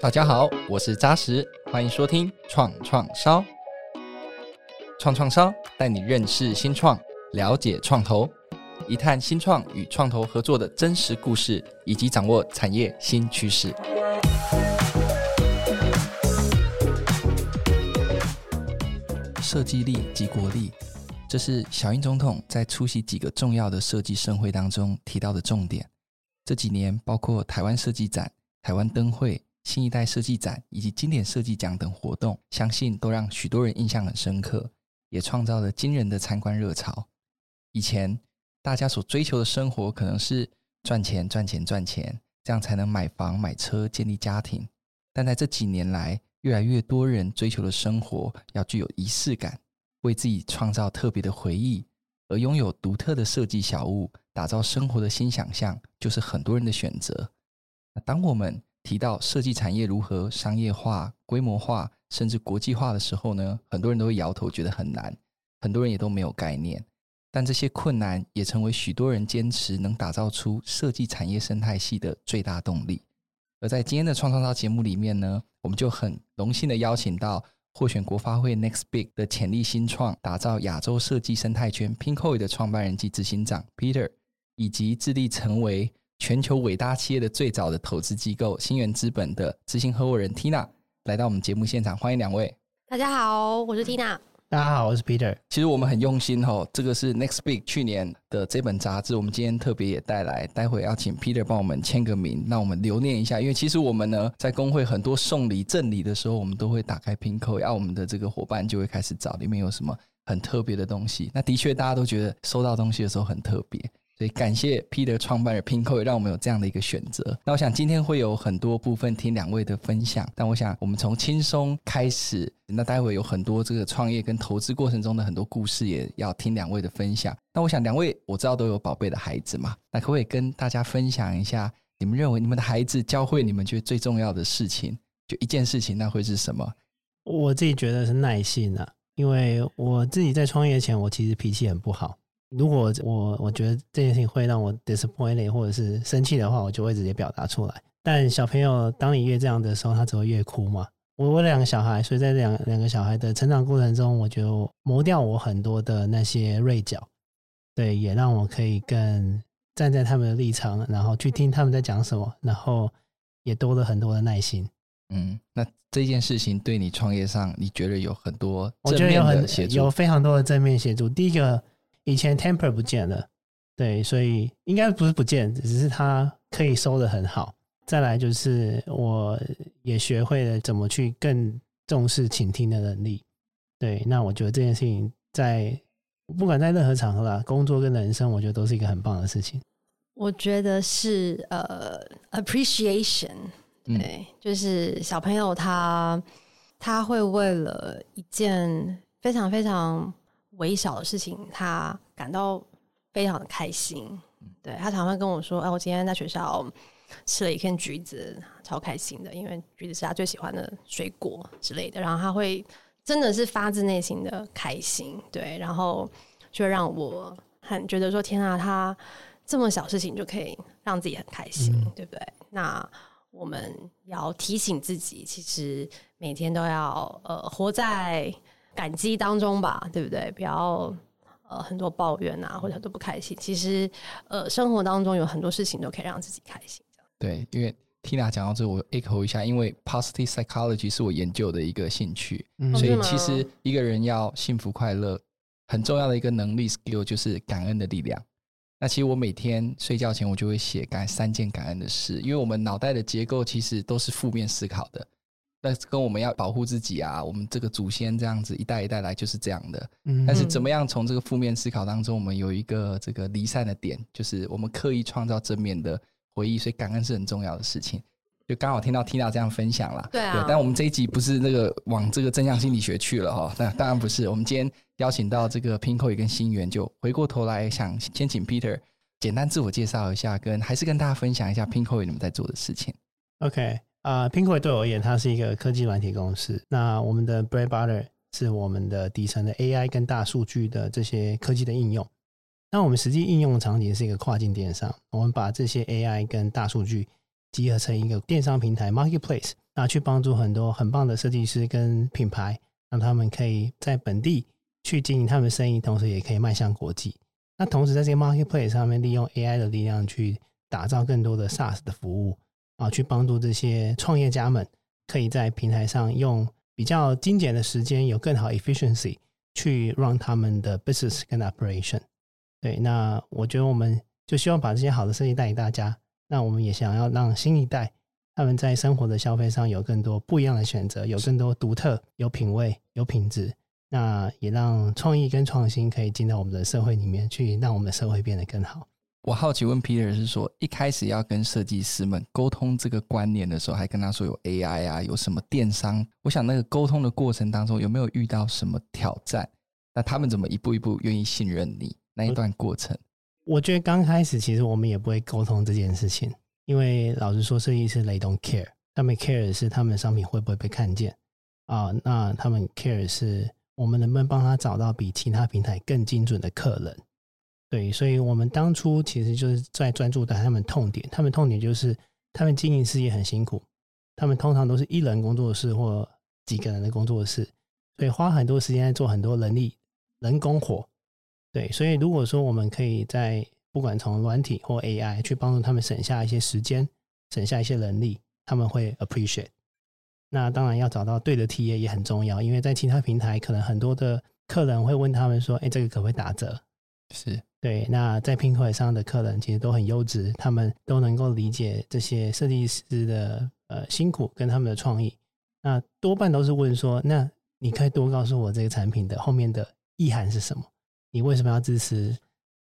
大家好，我是扎實，歡迎收聽《創創燒》。創創燒帶你認識新創，了解創投，一探新創與創投合作的真實故事，以及掌握產業新趨勢。設計力即國力，這是小英總統在出席幾個重要的設計盛會當中提到的重點。這幾年，包括台灣設計展、台灣燈會。新一代設計展以及經典設計獎等活動，相信都讓許多人印象很深刻，也創造了驚人的參觀熱潮。以前大家所追求的生活，可能是賺錢、賺錢、賺錢，這樣才能買房、買車、建立家庭。但在這幾年來，越來越多人追求的生活要具有儀式感，為自己創造特別的回憶，而擁有獨特的設計小物，打造生活的新想象，就是很多人的選擇。那當我們提到設計產業如何商業化、規模化，甚至國際化的時候呢，很多人都會搖頭，覺得很難，很多人也都沒有概念。但這些困難也成為許多人堅持能打造出設計產業生態系的最大動力。而在今天的創創燒節目裡面呢，我們就很榮幸地邀請到獲選國發會 Next Big 的潛力新創，打造亞洲設計生態圈 Pinkoi 的創辦人及執行長 Peter，以及致力成為，全球偉大企業的最早的投資機構心元資本的執行合夥人 Tina 來到我們節目現場，歡迎兩位。大家好，我是 Tina。大家好，我是 Peter。其實我們很用心哈、哦，這個是 Next Big 去年的這本雜誌，我們今天特別也帶來，待會要請 Peter 幫我們簽個名，讓我們留念一下。因為其實我們呢，在公會很多送禮贈禮的時候，我們都會打開 Pinkoi，要、啊、我們的這個夥伴就會開始找裡面有什麼很特別的東西。那的確，大家都覺得收到東西的時候很特別。所以感謝 Peter 創辦的 Pinkoi，也讓我們有這樣的一個選擇。那我想今天會有很多部分聽兩位的分享，但我想我們從輕鬆開始。那待會有很多這個創業跟投資過程中的很多故事，也要聽兩位的分享。那我想兩位，我知道都有寶貝的孩子嘛，那可不可以跟大家分享一下，你們認為你們的孩子教會你們覺得最重要的事情，就一件事情，那會是什麼？我自己覺得是耐心啊，因為我自己在創業前，我其實脾氣很不好。如果我我覺得這件事情會讓我 disappointed 或者是生氣的話，我就會直接表達出來。但小朋友，當你越這樣的時候，他只會越哭嘛。我我兩個小孩，所以在兩兩個小孩的成長過程中，我就磨掉我很多的那些銳角，對，也讓我可以更站在他們的立場，然後去聽他們在講什麼，然後也多了很多的耐心。嗯，那這件事情對你創業上，你覺得有很多正面協助？我覺得有很有非常多的正面協助。第一個。以前 temper 不見了，對，所以應該不是不見，只是他可以收得很好。再來就是，我也學會了怎麼去更重視傾聽的能力。對，那我覺得這件事情在不管在任何場合了、啊，工作跟人生，我覺得都是一個很棒的事情。我覺得是呃、uh, appreciation，對，嗯、就是小朋友他他會為了一件非常非常。微小的事情，他感到非常的開心。對他常常跟我說：“哎、啊，我今天在學校吃了一片橘子，超開心的，因為橘子是他最喜歡的水果之類的。”然後他會真的是發自內心的開心，對。然後就讓我很覺得說：“天啊，他這麼小事情就可以讓自己很開心，嗯、對不對？”那我們要提醒自己，其實每天都要呃活在。感激當中吧，對不對？不要呃很多抱怨吶、啊，或者很多不開心。其實呃生活當中有很多事情都可以讓自己開心。對，因為 Tina 講到這，我 echo 一下。因為 positive psychology 是我研究的一個興趣，嗯、所以其實一個人要幸福快樂，嗯、很重要的一個能力 skill 就是感恩的力量。那其實我每天睡覺前，我就會寫感三件感恩的事，因為我們腦袋的結構其實都是負面思考的。但是跟我們要保護自己啊，我們這個祖先這樣子一代一代來就是這樣的。嗯嗯但是怎麼樣從這個負面思考當中，我們有一個這個離散的點，就是我們刻意創造正面的回憶，所以感恩是很重要的事情。就剛好聽到聽到這樣分享了，對啊對。但我們這一集不是那個往這個正向心理學去了哈，那當然不是。我們今天邀請到這個 Pinkoi 跟心元，就回過頭來想先請 Peter 簡單自我介紹一下，跟還是跟大家分享一下 Pinkoi 你們在做的事情。OK。啊、呃，Pinkoi 對我而言，它是一個科技軟體公司。那我們的 Bread Butter 是我們的底層的 AI 跟大數據的這些科技的應用。那我們實際應用的場景是一個跨境電商。我們把這些 AI 跟大數據集合成一個電商平台 Marketplace，那去幫助很多很棒的設計師跟品牌，讓他們可以在本地去經營他們的生意，同時也可以邁向國際。那同時，在這些 Marketplace 上面，利用 AI 的力量去打造更多的 SaaS 的服務。啊，去幫助這些創業家們，可以在平台上用比較精簡的時間，有更好 efficiency 去 run 他們的 business 跟 operation。對，那我覺得我們就希望把這些好的生意帶給大家。那我們也想要讓新一代他們在生活的消費上有更多不一樣的選擇，有更多獨特、有品味、有品質。那也讓創意跟創新可以進到我們的社會裡面去，讓我們的社會變得更好。我好奇問 Peter 是說，一開始要跟設計師們溝通這個觀念的時候，還跟他說有 AI 啊，有什麼電商？我想那個溝通的過程當中有沒有遇到什麼挑戰？那他們怎麼一步一步願意信任你那一段過程？我，我覺得剛開始其實我們也不會溝通這件事情，因為老實說，設計師 they don't care。他們 care 的是他們商品會不會被看見啊，哦。那他們 care 的是我們能不能幫他找到比其他平台更精準的客人。對，所以我們當初其實就是在專注在他們痛點，他們痛點就是他們經營事業很辛苦，他們通常都是一人工作室或幾個人的工作室，所以花很多時間在做很多人力，人工活。對，所以如果說我們可以在不管從軟體或 AI 去幫助他們省下一些時間，省下一些人力，他們會 appreciate。那當然要找到對的體驗也很重要，因為在其他平台可能很多的客人會問他們說：“哎，這個可不可以打折？”是。對，那在 Pinkoi 上的客人其實都很優質，他們都能夠理解這些設計師的呃辛苦跟他們的創意。那多半都是問說，那你可以多告訴我這個產品的後面的意涵是什麼？你為什麼要支持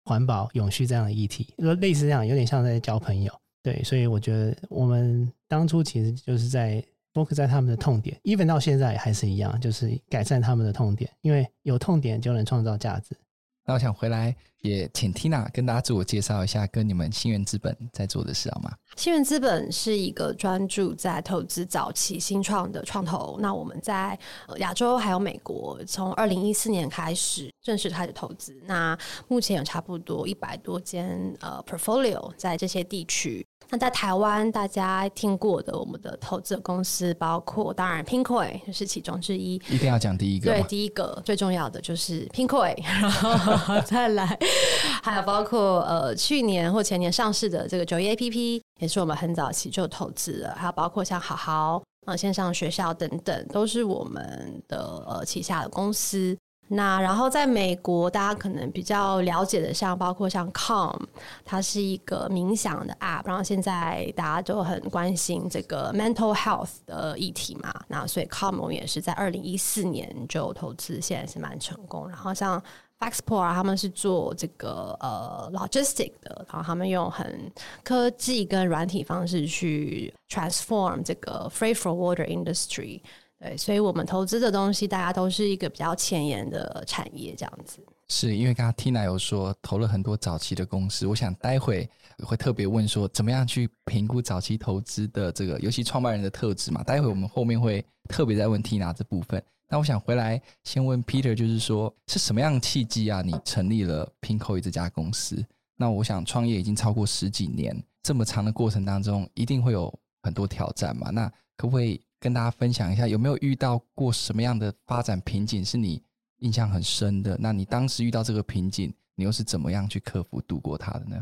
環保、永續這樣的議題？說類似這樣，有點像在交朋友。對，所以我覺得我們當初其實就是在 focus 在他們的痛點，even 到現在還是一樣，就是改善他們的痛點，因為有痛點就能創造價值。那我想回來。也請 Tina 跟大家自我介紹一下，跟你們心元資本在做的事好嗎？心元資本是一個專注在投資早期新創的創投。那我們在亞洲還有美國，從二零一四年開始正式開始投資。那目前有差不多一百多間呃 portfolio 在這些地區。那在台灣大家聽過的我們的投資的公司，包括當然 Pinkoi 是其中之一。一定要講第一個，對第一個最重要的就是 Pinkoi，然後再來。 還有包括呃去年或前年上市的這個九一 A P P 也是我們很早期就投資的，還有包括像好好啊、呃、線上學校等等都是我們的、呃、旗下的公司。那然後在美國，大家可能比較了解的像包括像 Calm，它是一個冥想的 App，然後現在大家都很關心這個 mental health 的議題嘛，那所以 Calm 我們也是在二零一四年就投資，現在是蠻成功。然後像。b a x p o r 啊，Export, 他們是做這個呃 logistic 的，然後他們用很科技跟軟體方式去 transform 這個 freight forwarder industry。對，所以我們投資的東西，大家都是一個比較前沿的產業，這樣子。是因為剛剛 Tina 有說投了很多早期的公司，我想待會會，會特別問說怎麼樣去評估早期投資的這個，尤其創辦人的特質嘛？待會我們後面會特別再問 Tina 這部分。那我想回來先問 Peter，就是說是什麼樣的契機啊？你成立了 Pinkoi 這家公司？那我想創業已經超過十幾年，這麼長的過程當中，一定會有很多挑戰嘛？那可不可以跟大家分享一下，有沒有遇到過什麼樣的發展瓶頸是你印象很深的？那你當時遇到這個瓶頸，你又是怎麼樣去克服度過它的呢？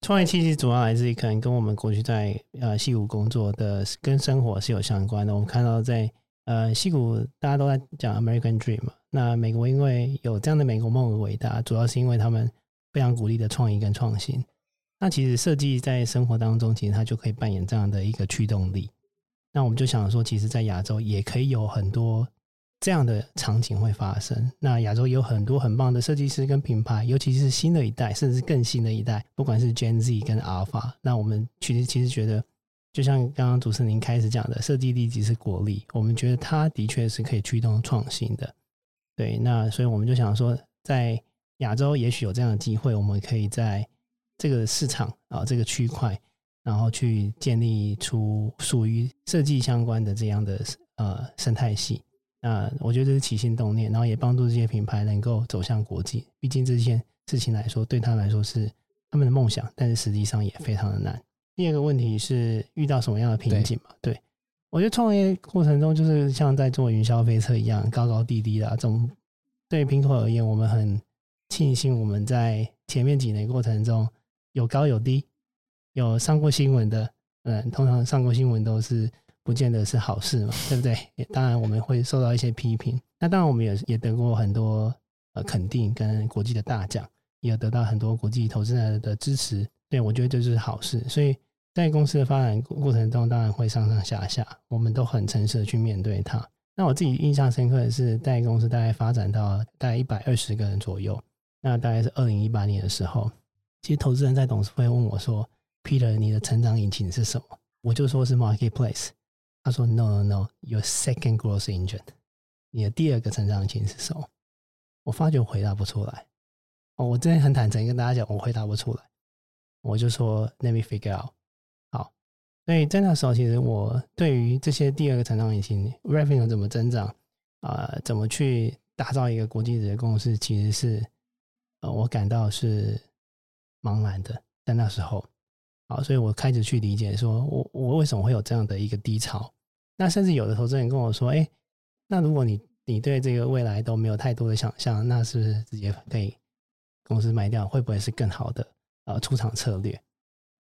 創業契機主要來自於可能跟我們過去在呃西湖工作的跟生活是有相關的。我們看到在。呃，矽谷大家都在講 American Dream 嘛，那美國因為有這樣的美國夢而偉大，主要是因為他們非常鼓勵的創意跟創新。那其實設計在生活當中，其實它就可以扮演這樣的一個驅動力。那我們就想說，其實，在亞洲也可以有很多這樣的場景會發生。那亞洲有很多很棒的設計師跟品牌，尤其是新的一代，甚至更新的一代，不管是 Gen Z 跟 Alpha，那我們其實其實覺得。就像剛剛主持人您開始講的，設計力即是國力。我們覺得它的確是可以驅動創新的，對。那所以我們就想說，在亞洲也許有這樣的機會，我們可以在這個市場啊這個區塊，然後去建立出屬於設計相關的這樣的呃生態系。那我覺得這是起心動念，然後也幫助這些品牌能夠走向國際。畢竟這件事情來說，對他來說是他們的夢想，但是實際上也非常的難。第二個問題是遇到什麼樣的瓶頸嘛對對？對，我覺得創業過程中就是像在坐雲霄飛車一樣，高高低低的，啊。總對於 Pinkoi 而言，我們很慶幸我們在前面幾年過程中有高有低，有上過新聞的。嗯，通常，上過新聞都是不見得是好事嘛，對不對？也當然我們會受到一些批評，那當然我們也也得過很多呃肯定，跟國際的大獎，也有得到很多國際投資人的支持。對，我覺得這就是好事。所以，在公司的發展過程中，當然會上上下下，我們都很誠實的去面對它。那我自己印象深刻的是，在公司大概發展到大概一百二十個人左右，那大概是二零一八年的時候。其實，投資人在董事會問我說：“Peter，你的成長引擎是什麼？”我就說是 Marketplace。他說：“No, no, no, your second growth engine，你的第二個成長引擎是什麼？”我發覺我回答不出來。哦，我真的很坦誠跟大家講，我回答不出來。我就說，Let me figure out。好，所以在那時候，其實我對於這些第二個成長引擎 Revenue 怎麼增長啊，呃，怎麼去打造一個國際級的公司，其實是呃，我感到是茫然的。在那時候，好，所以我開始去理解說，說我我為什麼會有這樣的一個低潮。那甚至有的投資人跟我說，哎，那如果你你對這個未來都沒有太多的想象，那是不是直接被公司賣掉，會不會是更好的？呃，出場策略。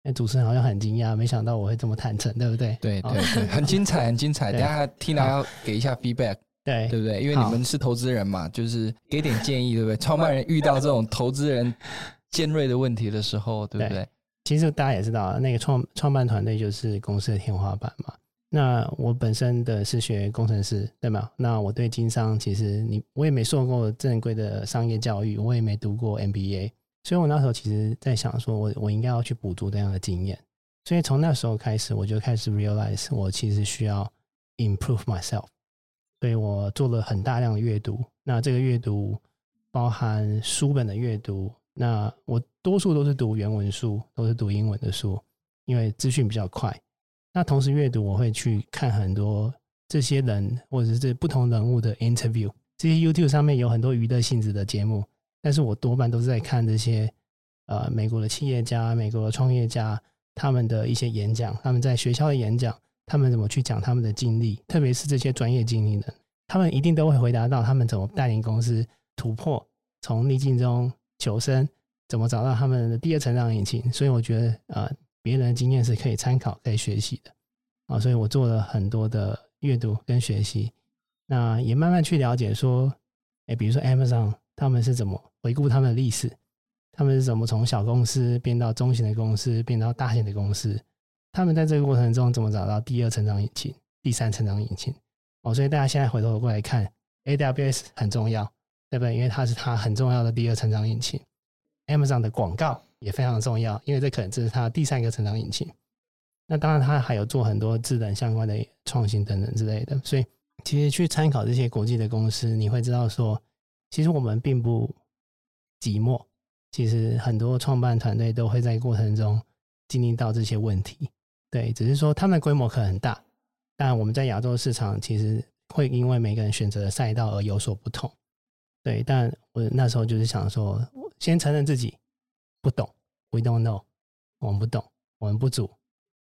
那主持人好像很驚訝，沒想到我會這麼坦誠，對不對？對,對對，很精彩，很精彩。大家 Tina 要給一下 feedback，對對不對？因為你們是投資人嘛，嗯、就是給點建議，對不對？創好辦人遇到這種投資人尖銳的問題的時候，對不對？對其實大家也知道，那個創創辦團隊就是公司的天花板嘛。那我本身的是學工程師，對嗎？那我對經商，其實你我也沒受過正規的商業教育，我也沒讀過 MBA。所以我那時候其實，在想說我，我我應該要去補足這樣的經驗。所以從那時候開始，我就開始 realize 我其實需要 improve myself。所以我做了很大量的閱讀。那這個閱讀包含書本的閱讀，那我多數都是讀原文書，都是讀英文的書，因為資訊比較快。那同時閱讀，我會去看很多這些人或者是不同人物的 interview。這些 YouTube 上面有很多娛樂性質的節目。但是我多半都是在看這些，呃，美國的企業家、美國的創業家他們的一些演講，他們在學校的演講，他們怎麼去講他們的經歷，特別是這些專業經理人，他們一定都會回答到他們怎麼帶領公司突破，從逆境中求生，怎麼找到他們的第二成長引擎。所以我覺得，呃，別人的經驗是可以參考、可以學習的啊。所以我做了很多的閱讀跟學習，那也慢慢去了解說，哎，比如說 Amazon 他們是怎麼。回顧他們的歷史，他們是怎麼從小公司變到中型的公司，變到大型的公司？他們在這個過程中怎麼找到第二成長引擎、第三成長引擎？哦，所以大家現在回頭過來看，AWS 很重要，對不對？因為它是它很重要的第二成長引擎。Amazon 的廣告也非常重要，因為這可能這是它第三個成長引擎。那當然，它還有做很多智能相關的創新等等之類的。所以，其實去參考這些國際的公司，你會知道說，其實我們並不。寂寞，其實很多創辦團隊都會在過程中經歷到這些問題。對，只是說他們的規模可能很大，但我們在亞洲市場其實會因為每個人選擇的賽道而有所不同。對，但我那時候就是想說，我先承認自己不懂，We don't know，我們不懂，我們不足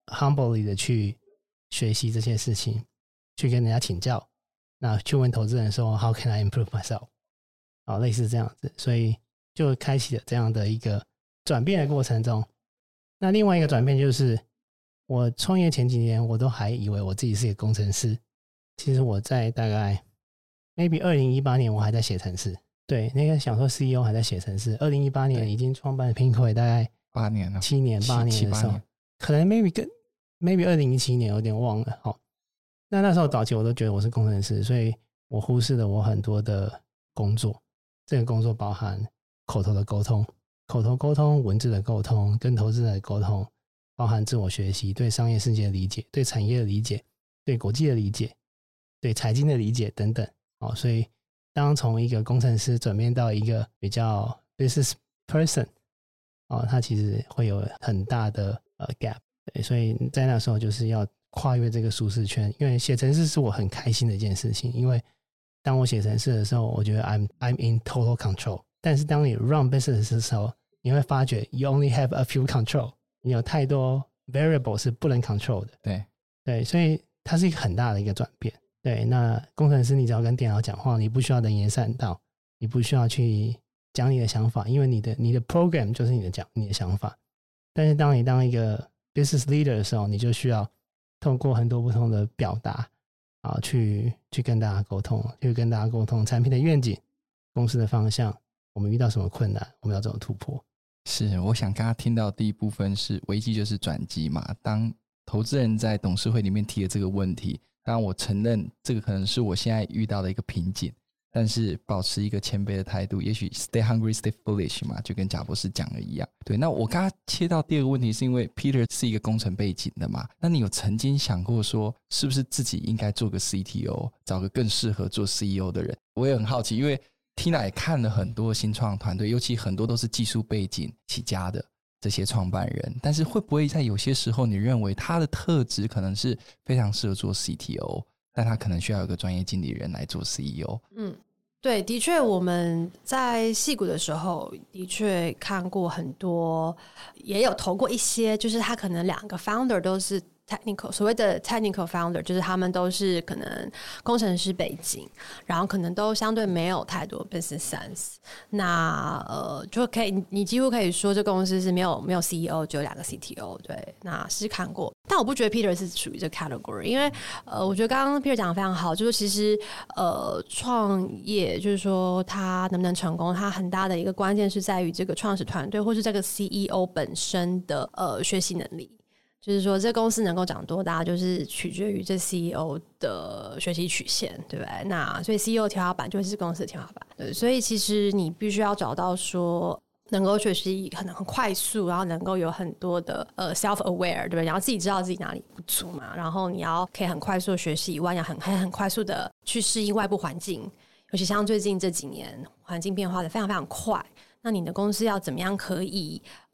h u m b l y 的去學習這些事情，去跟人家請教，那去問投資人說 How can I improve myself？好，哦，類似這樣子，所以。就開啟了這樣的一個轉變的過程中，那另外一個轉變就是，我創業前幾年，我都還以為我自己是一個工程師。其實我在大概 maybe 二零一八年，我還在寫程式。對，那個想說 CEO 還在寫程式，二零一八年已經創辦的 Pinkoi 大概八年了，七年八年的時候，可能 maybe 跟 maybe 跟 maybe 二零一七年有點忘了。好，那那時候早期我都覺得我是工程師，所以我忽視了我很多的工作。這個工作包含。口頭的溝通、口頭溝通、文字的溝通、跟投資人的溝通，包含自我學習、對商業世界的理解、對產業的理解、對國際的理解、對財經的理解等等。哦，所以當從一個工程師轉變到一個比較 business person 哦，他其實會有很大的呃、uh, gap。對，所以在那時候就是要跨越這個舒適圈。因為寫程式是我很開心的一件事情，因為當我寫程式的時候，我覺得 I'm I'm in total control。但是當你 run business 的時候，你會發覺 you only have a few control。你有太多 variable 是不能 control 的。對對，所以它是一個很大的一個轉變。對，那工程師你只要跟電腦講話，你不需要能言善道，你不需要去講你的想法，因為你的你的 program 就是你的講你的想法。但是當你當一個 business leader 的時候，你就需要透過很多不同的表達啊，去去跟大家溝通，去跟大家溝通，通產品的願景、公司的方向。我們遇到什麼困難？我們要怎麼突破？是，我想剛剛聽到的第一部分是危機就是轉機嘛。當投資人在董事會裡面提了這個問題，當然我承認這個可能是我現在遇到的一個瓶頸，但是保持一個謙卑的態度，也許 stay hungry, stay foolish 嘛，就跟賈伯斯講的一樣。對，那我剛剛切到第二個問題，是因為 Peter 是一個工程背景的嘛？那你有曾經想過說，是不是自己應該做個 CTO，找個更適合做 CEO 的人？我也很好奇，因為。Tina 也看了很多新創團隊，尤其很多都是技術背景起家的這些創辦人，但是會不會在有些時候，你認為他的特質可能是非常適合做 CTO，但他可能需要有一個專業經理人來做 CEO？嗯，對，的確我們在矽谷的時候的確看過很多，也有投過一些，就是他可能兩個 founder 都是。technical 所謂的 technical founder 就是他們都是可能工程師背景，然後可能都相對沒有太多 business sense 那。那呃，就可以你幾乎可以說這公司是沒有沒有 CEO，只有兩個 CTO。對，那是看過，但我不覺得 Peter 是屬於這 category，因為呃，我覺得剛剛 Peter 講得非常好，就是其實呃，創業就是說他能不能成功，他很大的一個關鍵是在於這個創始團隊或是這個 CEO 本身的呃學習能力。就是說，這公司能夠長多大，就是取決於這 CEO 的學習曲線，對不對？那所以 CEO 天花板就是公司的天花板。對，所以其實你必須要找到說，能夠學習可能很快速，然後能夠有很多的呃 self-aware，對不對？然後自己知道自己哪裡不足嘛。然後你要可以很快速的學習，以外要很很快速的去適應外部環境。尤其像最近這幾年，環境變化的非常非常快。那你的公司要怎麼樣可以？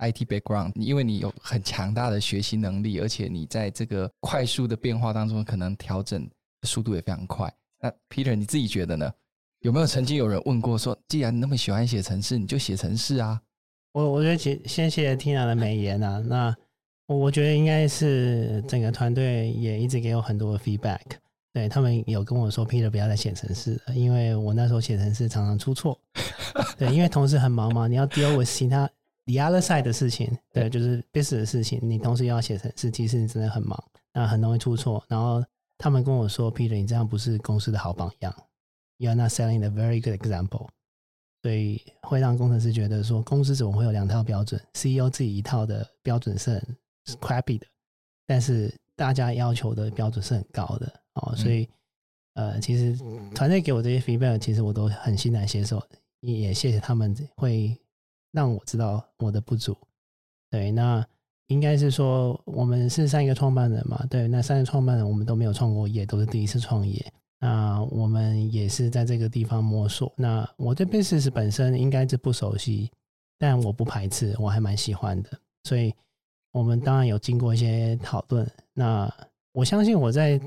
IT background，因為你有很強大的學習能力，而且你在這個快速的變化當中，可能調整的速度也非常快。那 Peter，你自己覺得呢？有沒有曾經有人問過說，既然你那麼喜歡寫程式，你就寫程式啊？我我覺得，先謝謝 Tina 的美言啊。那我覺得應該是整個團隊也一直給我很多 feedback，對他們有跟我說，Peter 不要再寫程式，因為我那時候寫程式常常出錯。對，因為同事很忙嘛，你要 deal with 其他。The other side 的事情，對，對就是 business 的事情，你同時要寫程式，其實你真的很忙，那很容易出錯。然後他們跟我說，Peter，你這樣不是公司的好榜樣，You're not selling the very good example，所以會讓工程師覺得說，公司怎麼會有兩套標準？CEO 自己一套的標準是很 crappy 的，但是大家要求的標準是很高的哦。所以，嗯、呃，其實團隊給我這些 feedback，其實我都很欣然接受，也謝謝他們會。讓我知道我的不足，對，那應該是說我們是三個創辦人嘛，對，那三個創辦人我們都沒有創過業，也都是第一次創業，那我們也是在這個地方摸索。那我對 business 本身應該是不熟悉，但我不排斥，我還蠻喜歡的，所以我們當然有經過一些討論。那我相信我在。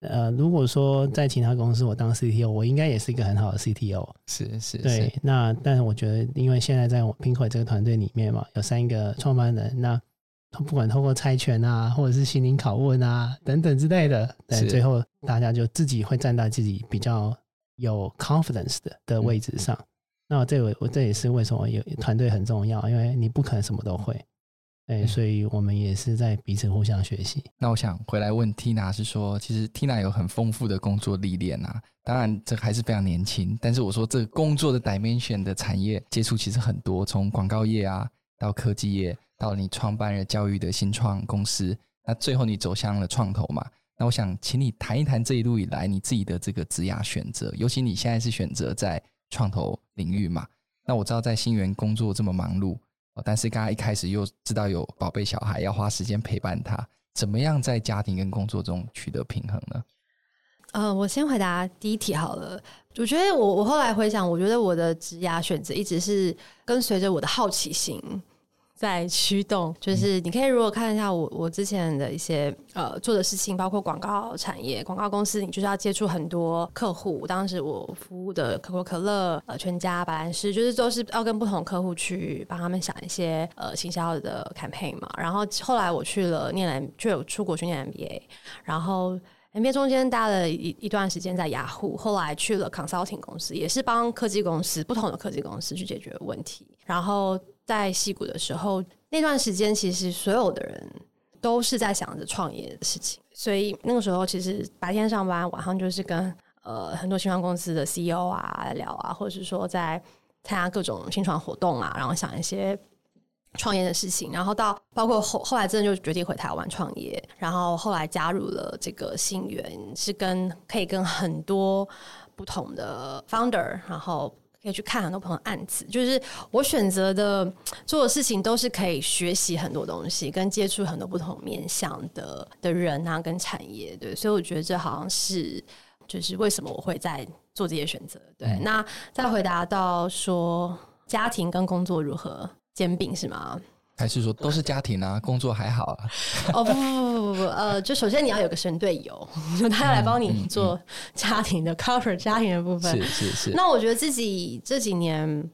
呃，如果說在其他公司我當 CTO，我應該也是一個很好的 CTO。是對是，對。那但是我覺得，因為現在在我們 Pinkoi 這個團隊裡面嘛，有三個創辦人，那不管通過猜拳啊，或者是心靈拷問啊等等之類的是對，最後大家就自己會站在自己比較有 confidence 的的位置上。嗯、那我這我這也是為什麼有團隊很重要，因為你不可能什麼都會。哎，所以我們也是在彼此互相學習。嗯、那我想回來問 Tina 是說，其實 Tina 有很豐富的工作歷練啊，當然這還是非常年輕。但是我說，這個工作的 dimension 的產業接觸其實很多，從廣告業啊到科技業，到你創辦了教育的新創公司，那最後你走向了創投嘛？那我想請你談一談這一路以來你自己的這個職涯選擇，尤其你現在是選擇在創投領域嘛？那我知道在心元工作這麼忙碌。但是剛才一開始又知道有寶貝小孩，要花時間陪伴他，怎麼樣在家庭跟工作中取得平衡呢？呃，我先回答第一題好了。我覺得我我後來回想，我覺得我的職涯選擇一直是跟隨着我的好奇心。在驅動，就是你可以如果看一下我我之前的一些呃做的事情，包括廣告產業、廣告公司，你就是要接觸很多客戶。當時我服務的可口可樂、呃全家、白蘭氏，就是都是要跟不同客戶去幫他們想一些呃行銷的 campaign 嘛。然後後來我去了念了，就有出國去念 MBA，然後 MBA 中間待了一一段時間在雅虎，後來去了 consulting 公司，也是幫科技公司，不同的科技公司去解決問題，然後。在矽谷的時候，那段時間其實所有的人都是在想着創業的事情，所以那個時候其實白天上班，晚上就是跟呃很多新創公司的 CEO 啊聊啊，或者是說在參加各種新創活動啊，然後想一些創業的事情，然後到包括後後來真的就決定回台灣創業，然後後來加入了這個心元，是跟可以跟很多不同的 founder，然後。可以去看很多朋友的案子，就是我選擇的做的事情都是可以學習很多東西，跟接觸很多不同面向的的人啊，跟產業。對，所以我覺得這好像是就是為什麼我會在做這些選擇。對，嗯、那再回答到說家庭跟工作如何兼顧，是嗎？還是說都是家庭啊，對工作還好啊？哦，不不不不不， 呃，就首先你要有個神隊友， 就他要來幫你做家庭的、嗯嗯、cover，家庭的部分。是是是。是是，那我覺得自己這幾年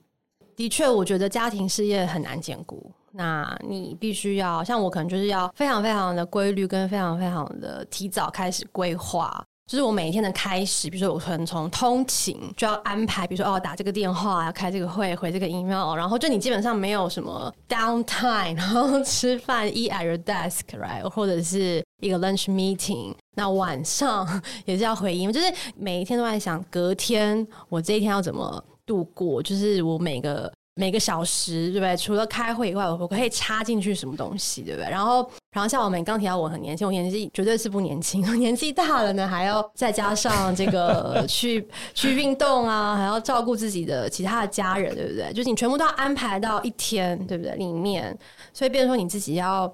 的確，我覺得家庭事業很難兼顧。那你必須要，像我可能就是要非常非常的規律，跟非常非常的提早開始規劃。就是我每一天的開始，比如說我可能從通勤就要安排，比如說哦打這個電話、開這個會、回這個 email，然後就你基本上沒有什麼 downtime，然後吃飯 eat at your desk right，或者是一個 lunch meeting。那晚上也是要回 email，就是每一天都在想隔天我這一天要怎麼度過，就是我每個。每個小時對不對？除了開會以外，我可以插進去什麼東西對不對？然後，然後像我們剛提到，我很年輕，我年紀絕對是不年輕，我年紀大了呢，還要再加上這個去去運動啊，還要照顧自己的其他的家人，對不對？就是你全部都要安排到一天，對不對？裡面所以，變成說你自己要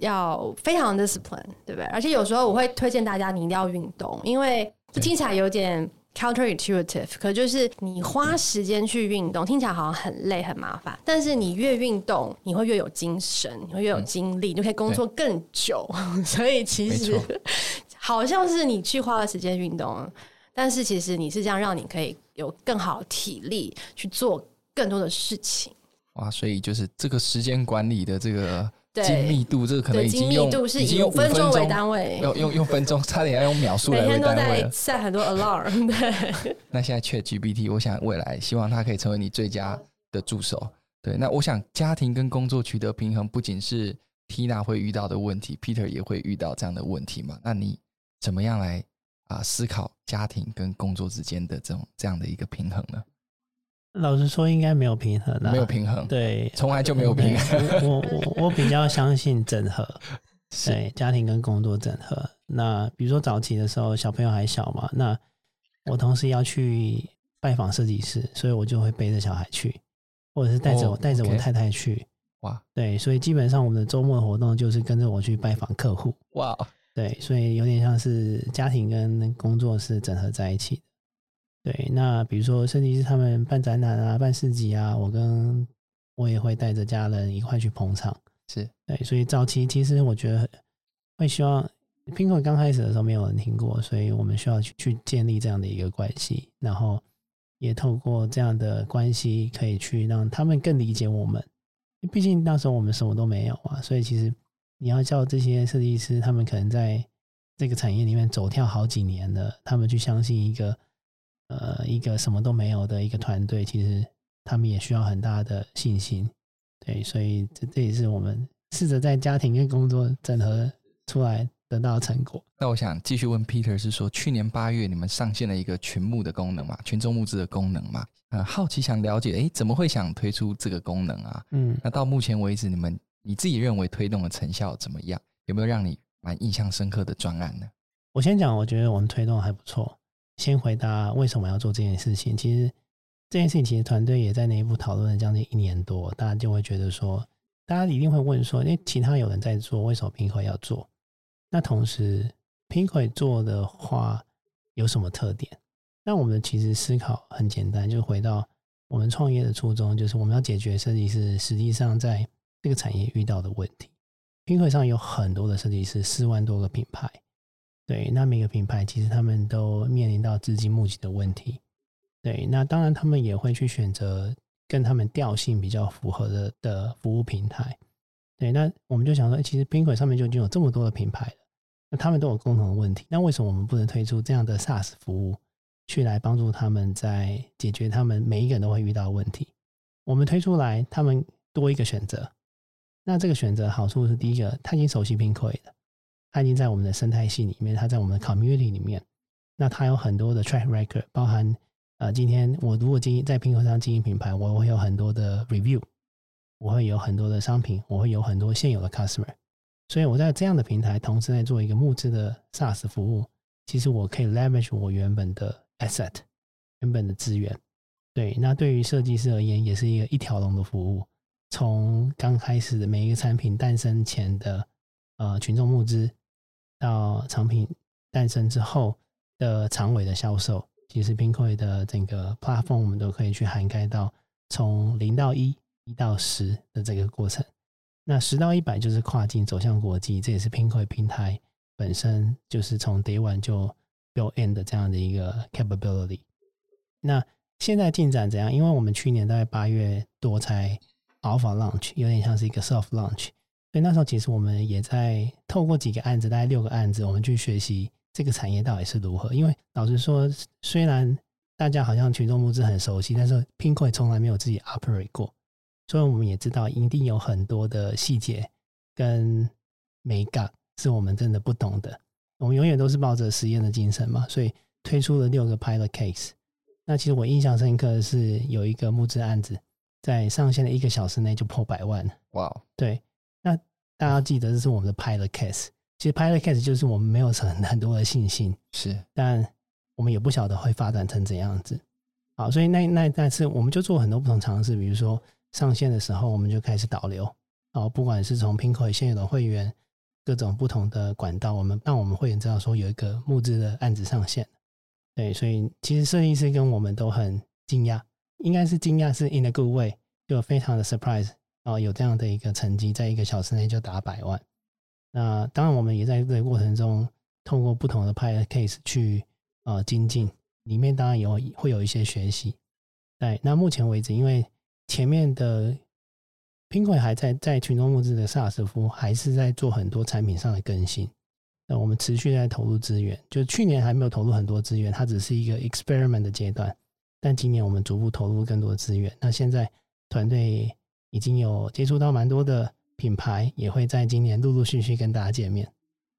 要非常 discipline，對不對？而且有時候我會推薦大家，你一定要運動，因為聽起來有點。Counterintuitive，可，就是你花時間去運動，嗯、聽起來好像很累很麻煩，但是你越運動，你會越有精神，你會越有精力，嗯、你就可以工作更久。對 所以其實沒錯好像是你去花了時間運動，但是其實你是這樣讓你可以有更好的體力去做更多的事情。哇，所以就是這個時間管理的這個。對精密度，這個可能已經用，精密度是已經用分鐘為單位，用用用分鐘，差點要用秒數來為單位了。每天都在 set 很多 alarm，對。 那現在 ChatGPT 我想未來希望它可以成為你最佳的助手。對，那我想家庭跟工作取得平衡，不僅是 Tina 會遇到的問題，Peter 也會遇到這樣的問題嘛？那你怎麼樣來啊、呃、思考家庭跟工作之間的這種這樣的一個平衡呢？老實說，應該沒有平衡的，啊。沒有平衡，對，從來就沒有平衡。我我我比較相信整合， 對，家庭跟工作整合。是那比如說早期的時候，小朋友還小嘛，那我同時要去拜訪設計師，所以我就會背着小孩去，或者是帶着我、oh, okay. 帶着我太太去。哇，Wow. 對，所以基本上我們的周末活動就是跟着我去拜訪客戶。哇，Wow. 對，所以有點像是家庭跟工作是整合在一起的。對，那比如說設計師他們辦展覽啊，辦市集啊，我跟我也會帶着家人一塊去捧場，是對，所以早期其實我覺得會希望，Pinkoi 剛開始的時候沒有人聽過，所以我們需要去去建立這樣的一個關係，然後也透過這樣的關係可以去讓他們更理解我們，畢竟那時候我們什麼都沒有啊，所以其實你要叫這些設計師，他們可能在這個產業裡面走跳好幾年了，他們去相信一個。呃，一個什麼都沒有的一個團隊，其實他們也需要很大的信心，對，所以這這也是我們試着在家庭跟工作整合出來得到的成果。那我想繼續問 Peter，是說去年八月你們上線了一個群募的功能嘛？群眾募資的功能嘛？呃，好奇想了解，哎，怎麼會想推出這個功能啊？嗯，那到目前為止，你們你自己認為推動的成效怎麼樣？有沒有讓你蠻印象深刻的專案呢？我先講，我覺得我們推動還不錯。先回答為什麼要做這件事情？其實這件事情，其實團隊也在內部討論了將近一年多，大家就會覺得說，大家一定會問說，因為其他有人在做，為什麼 Pinkoi 要做？那同時 Pinkoi 做的話有什麼特點？那我們其實思考很簡單，就回到我們創業的初衷，就是我們要解決設計師實際上在這個產業遇到的問題。Pinkoi 上有很多的設計師，四萬多個品牌。對，那每個品牌其實他們都面臨到資金募集的問題。對，那當然他們也會去選擇跟他們調性比較符合的的服務平台。對，那我們就想說，其實 Pinkoi 上面就已經有這麼多的品牌了，那他們都有共同的問題，那為什麼我們不能推出這樣的 SaaS 服務去來幫助他們在解決他們每一個人都會遇到的問題？我們推出來，他們多一個選擇。那這個選擇好處是，第一個他已經熟悉 Pinkoi 的。它已經在我們的生態系裡面，它在我們的 community 裡面。那它有很多的 track record，包含呃，今天我如果經營在 Pinkoi 上經營品牌，我會有很多的 review，我會有很多的商品，我會有很多現有的 customer。所以我在這樣的平台同時在做一個募資的 SaaS 服務，其實我可以 leverage 我原本的 asset，原本的資源。對，那對於設計師而言，也是一個一條龍的服務，從剛開始的每一個產品誕生前的呃群眾募資。到產品誕生之後的長尾的銷售，其實 Pinkoi 的整個 platform 我們都可以去涵蓋到從零到一、一到十的這個過程。那十到一百就是跨境走向國際，這也是 Pinkoi 平台本身就是從 day one 就 build in 的這樣的一個 capability。那現在進展怎樣？因為我們去年大概八月多才 alpha launch，有點像是一個 soft launch。所以那時候，其實我們也在透過幾個案子，大概六個案子，我們去學習這個產業到底是如何。因為老實說，雖然大家好像群眾募資很熟悉，但是 Pinkoi 也從來沒有自己 operate 過，所以我們也知道一定有很多的細節跟美感是我們真的不懂的。我們永遠都是抱着實驗的精神嘛，所以推出了六個 pilot case。那其實我印象深刻的是，有一個募資案子在上線的一個小時內就破百萬了，哇，Wow. 對。大家要記得，這是我們的 pilot case，其實 pilot case 就是我們沒有很很多的信心，是，但我們也不曉得會發展成怎樣子，好，所以那那那次我們就做很多不同嘗試，比如說上線的時候我們就開始導流，然後不管是從 Pinkoi 現有的會員，各種不同的管道，我們讓我們會員知道說有一個募資的案子上線，對，所以其實設計師跟我們都很驚訝，應該是驚訝是 in a good way，就非常的 surprise。啊，有這樣的一個成績，在一個小時內就達百萬。那當然，我們也在這個過程中，透過不同的派 case 去啊、呃、精進。裡面當然有會有一些學習。對，那目前為止，因為前面的 Pinkoi 還在在群眾募資的薩爾斯夫，還是在做很多產品上的更新。那我們持續在投入資源，就去年還沒有投入很多資源，它只是一個 experiment 的階段。但今年我們逐步投入更多的資源。那現在團隊。已經有接觸到蠻多的品牌，也會在今年陸陸續續跟大家見面。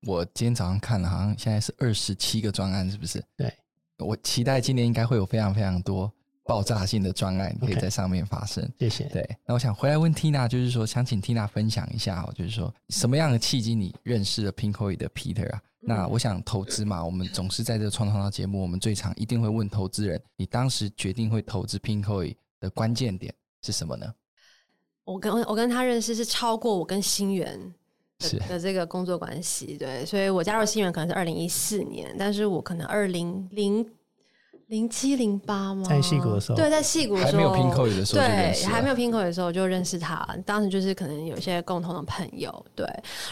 我今天早上看了，好像現在是二十七個專案，是不是？對，我期待今年應該會有非常非常多爆炸性的專案可以在上面發生。Okay, 謝謝。對，那我想回來問 Tina，就是說，想請 Tina 分享一下、哦，就是說，什麼樣的契機你認識了 Pinkoi 的 Peter 啊？那我想投資嘛，我們總是在這個創創燒節目，我們最常一定會問投資人，你當時決定會投資 Pinkoi 的關鍵點是什麼呢？我跟我跟他認識是超過我跟心元的，是的這個工作關係，對，所以我加入心元可能是二零一四年，但是我可能二零零零七零八嗎？在矽谷的時候，對，在矽谷還沒有 Pinkoi 的時候，時候對，還沒有 Pinkoi 的時候就認識他，當時就是可能有些共同的朋友，對，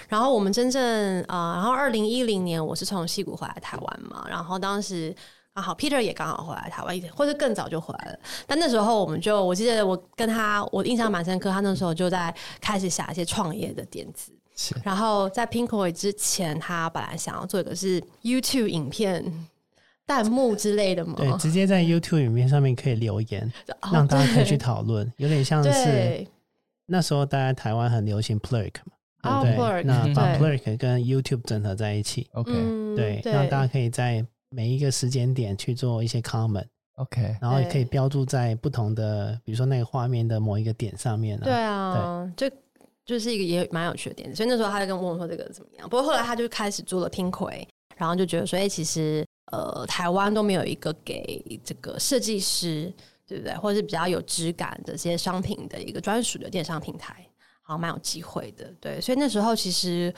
然後我們真正啊、呃，然後二零一零年我是從矽谷回來台灣嘛，然後當時。啊好，好，Peter 也剛好回來台灣，或者更早就回來了。但那時候我們就，我記得我跟他，我印象蠻深刻，他那時候就在開始想一些創業的點子。是然後在 Pinkoi 之前，他本來想要做的是 YouTube 影片彈幕之類的嘛？對，直接在 YouTube 影片上面可以留言，哦、讓大家可以去討論，有點像是對那時候大家台灣很流行 Plurk 嘛，對，對、oh, k, 那把 Plurk 跟 YouTube 整合在一起，OK，對、嗯、對，讓大家可以在。每一個時間點去做一些 comment，OK，Okay, 然後也可以標註在不同的，欸、比如說那個畫面的某一個點上面，啊，對啊，對，就就是一個也蠻有趣的點。所以那時候他就跟我說這個怎麼樣？不過後來他就開始做了 Pinkoi，然後就覺得說，哎、欸，其實呃，台灣都沒有一個給這個設計師，對不對？或者是比較有質感的這些商品的一個專屬的電商平台，好像蠻有機會的。對，所以那時候其實。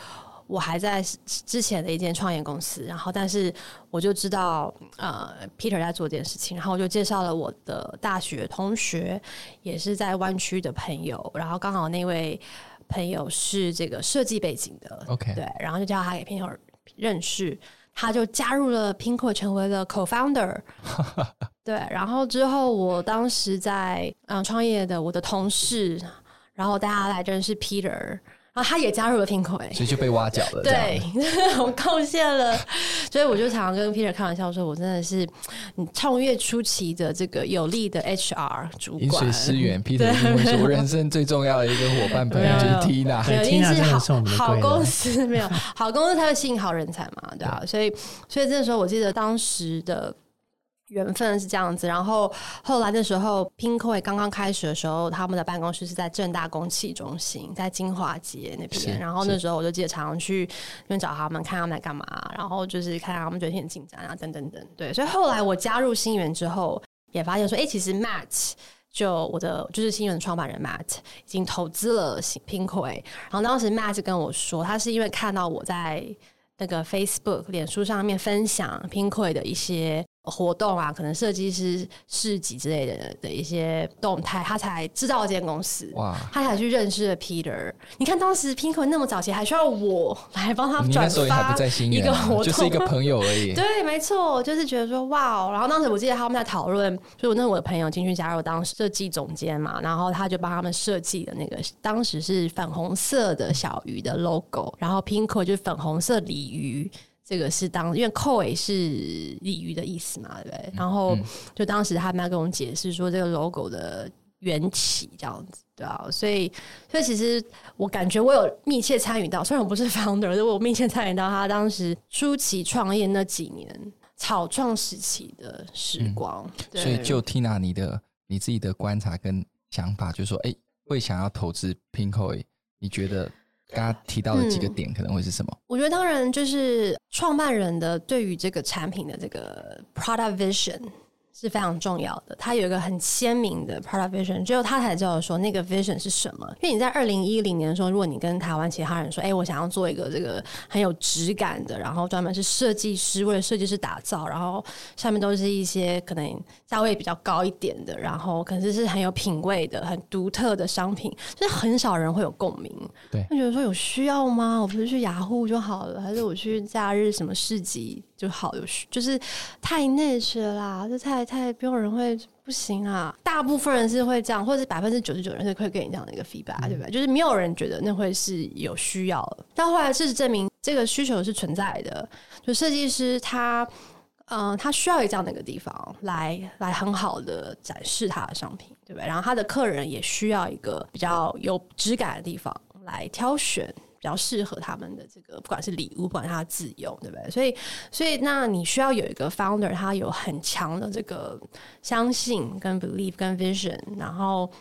我還在之前的一間創業公司，然後但是我就知道呃，Peter 在做這件事情，然後我就介紹了我的大學同學，也是在灣區的朋友，然後剛好那位朋友是這個設計背景的，OK，對，然後就叫他給 Peter 認識，他就加入了 Pinkoi，成為了 Co-founder， 對，然後之後我當時在嗯、呃、創業的我的同事，然後大家來認識 Peter。啊，他也加入了 Pinkoi，欸，所以就被挖角了。對，我貢獻了，所以我就常常跟 Peter 開玩笑說，我真的是你創業初期的這個有力的 HR 主管。飲水思源，Peter、嗯、我人生最重要的一個夥伴朋友有就是 Tina，Tina 是好公司，沒有好公司才會吸引好人才嘛，對啊。對所以，所以這時候我記得當時的。緣分是這樣子，然後後來那時候 Pinkoi 剛剛開始的時候，他們的辦公室是在政大公企中心，在金華街那邊。是然後那時候我就記得常常去那找他們，看他們在幹嘛，然後就是看他們覺得很緊張啊，等，等等等。對，所以後來我加入心元之後，也發現說，哎、欸，其實 Matt 就我的就是心元創辦人 Matt 已經投資了 Pinkoi，然後當時 Matt 跟我說，他是因為看到我在那個 Facebook、臉書上面分享 Pinkoi 的一些。活動啊，可能設計師市集之類的的一些動態，他才知道這間公司，哇！他才去認識了 Peter。你看當時 Pinkoi 那麼早期，還需要我來幫他轉發一個活動，你那時候也還不在心元啊，就是一個朋友而已。 對，沒錯，就是覺得說哇哦！然後當時我記得他們在討論，所以我那我的朋友進去加入當設計總監嘛，然後他就幫他們設計的那個當時是粉紅色的小魚的 logo，然後 Pinkoi 就是粉紅色鯉魚。這個是當因為 Koi 是鯉魚的意思嘛，對不對、嗯嗯、然後就當時他們要跟我解釋說這個 logo 的緣起這樣子，對吧？所以，所以其實我感覺我有密切參與到，雖然我不是 founder，但是我密切參與到他當時初期創業那幾年草創時期的時光。嗯、對所以，就 Tina 你的你自己的觀察跟想法，就是說，哎，會想要投資 Pinkoi？你覺得？剛剛提到的幾個點可能會是什麼？嗯，我覺得當然就是創辦人的對於這個產品的這個 product vision。是非常重要的。他有一個很鮮明的 product vision，只有他才知道說那個 vision 是什麼。因為你在二零一零年的時候，如果你跟台灣其他人說：“哎、欸，我想要做一個這個很有質感的，然後專門是設計師為了設計師打造，然後上面都是一些可能價位比較高一點的，然後可能是很有品味的、很獨特的商品，就是很少人會有共鳴。對，會覺得說有需要嗎？我不是去雅虎、ah、就好了，還是我去假日什麼市集就好？有需，就是太 niche 了啦，這太……太沒有人會不行啊！大部分人是會這樣，或者是百分之九十九人是會給你這樣的一個 feedback，對不對？嗯、就是沒有人覺得那會是有需要，但後來事實證明這個需求是存在的。就設計師他，嗯、呃，他需要一個這樣的一個地方來來很好的展示他的商品，對不對？然後他的客人也需要一個比較有質感的地方來挑選。比較適合他們的這個，不管是禮物，不管他的自用，對不對？所以，所以，那你需要有一個 founder，他有很強的這個相信、跟 belief、跟 vision，然後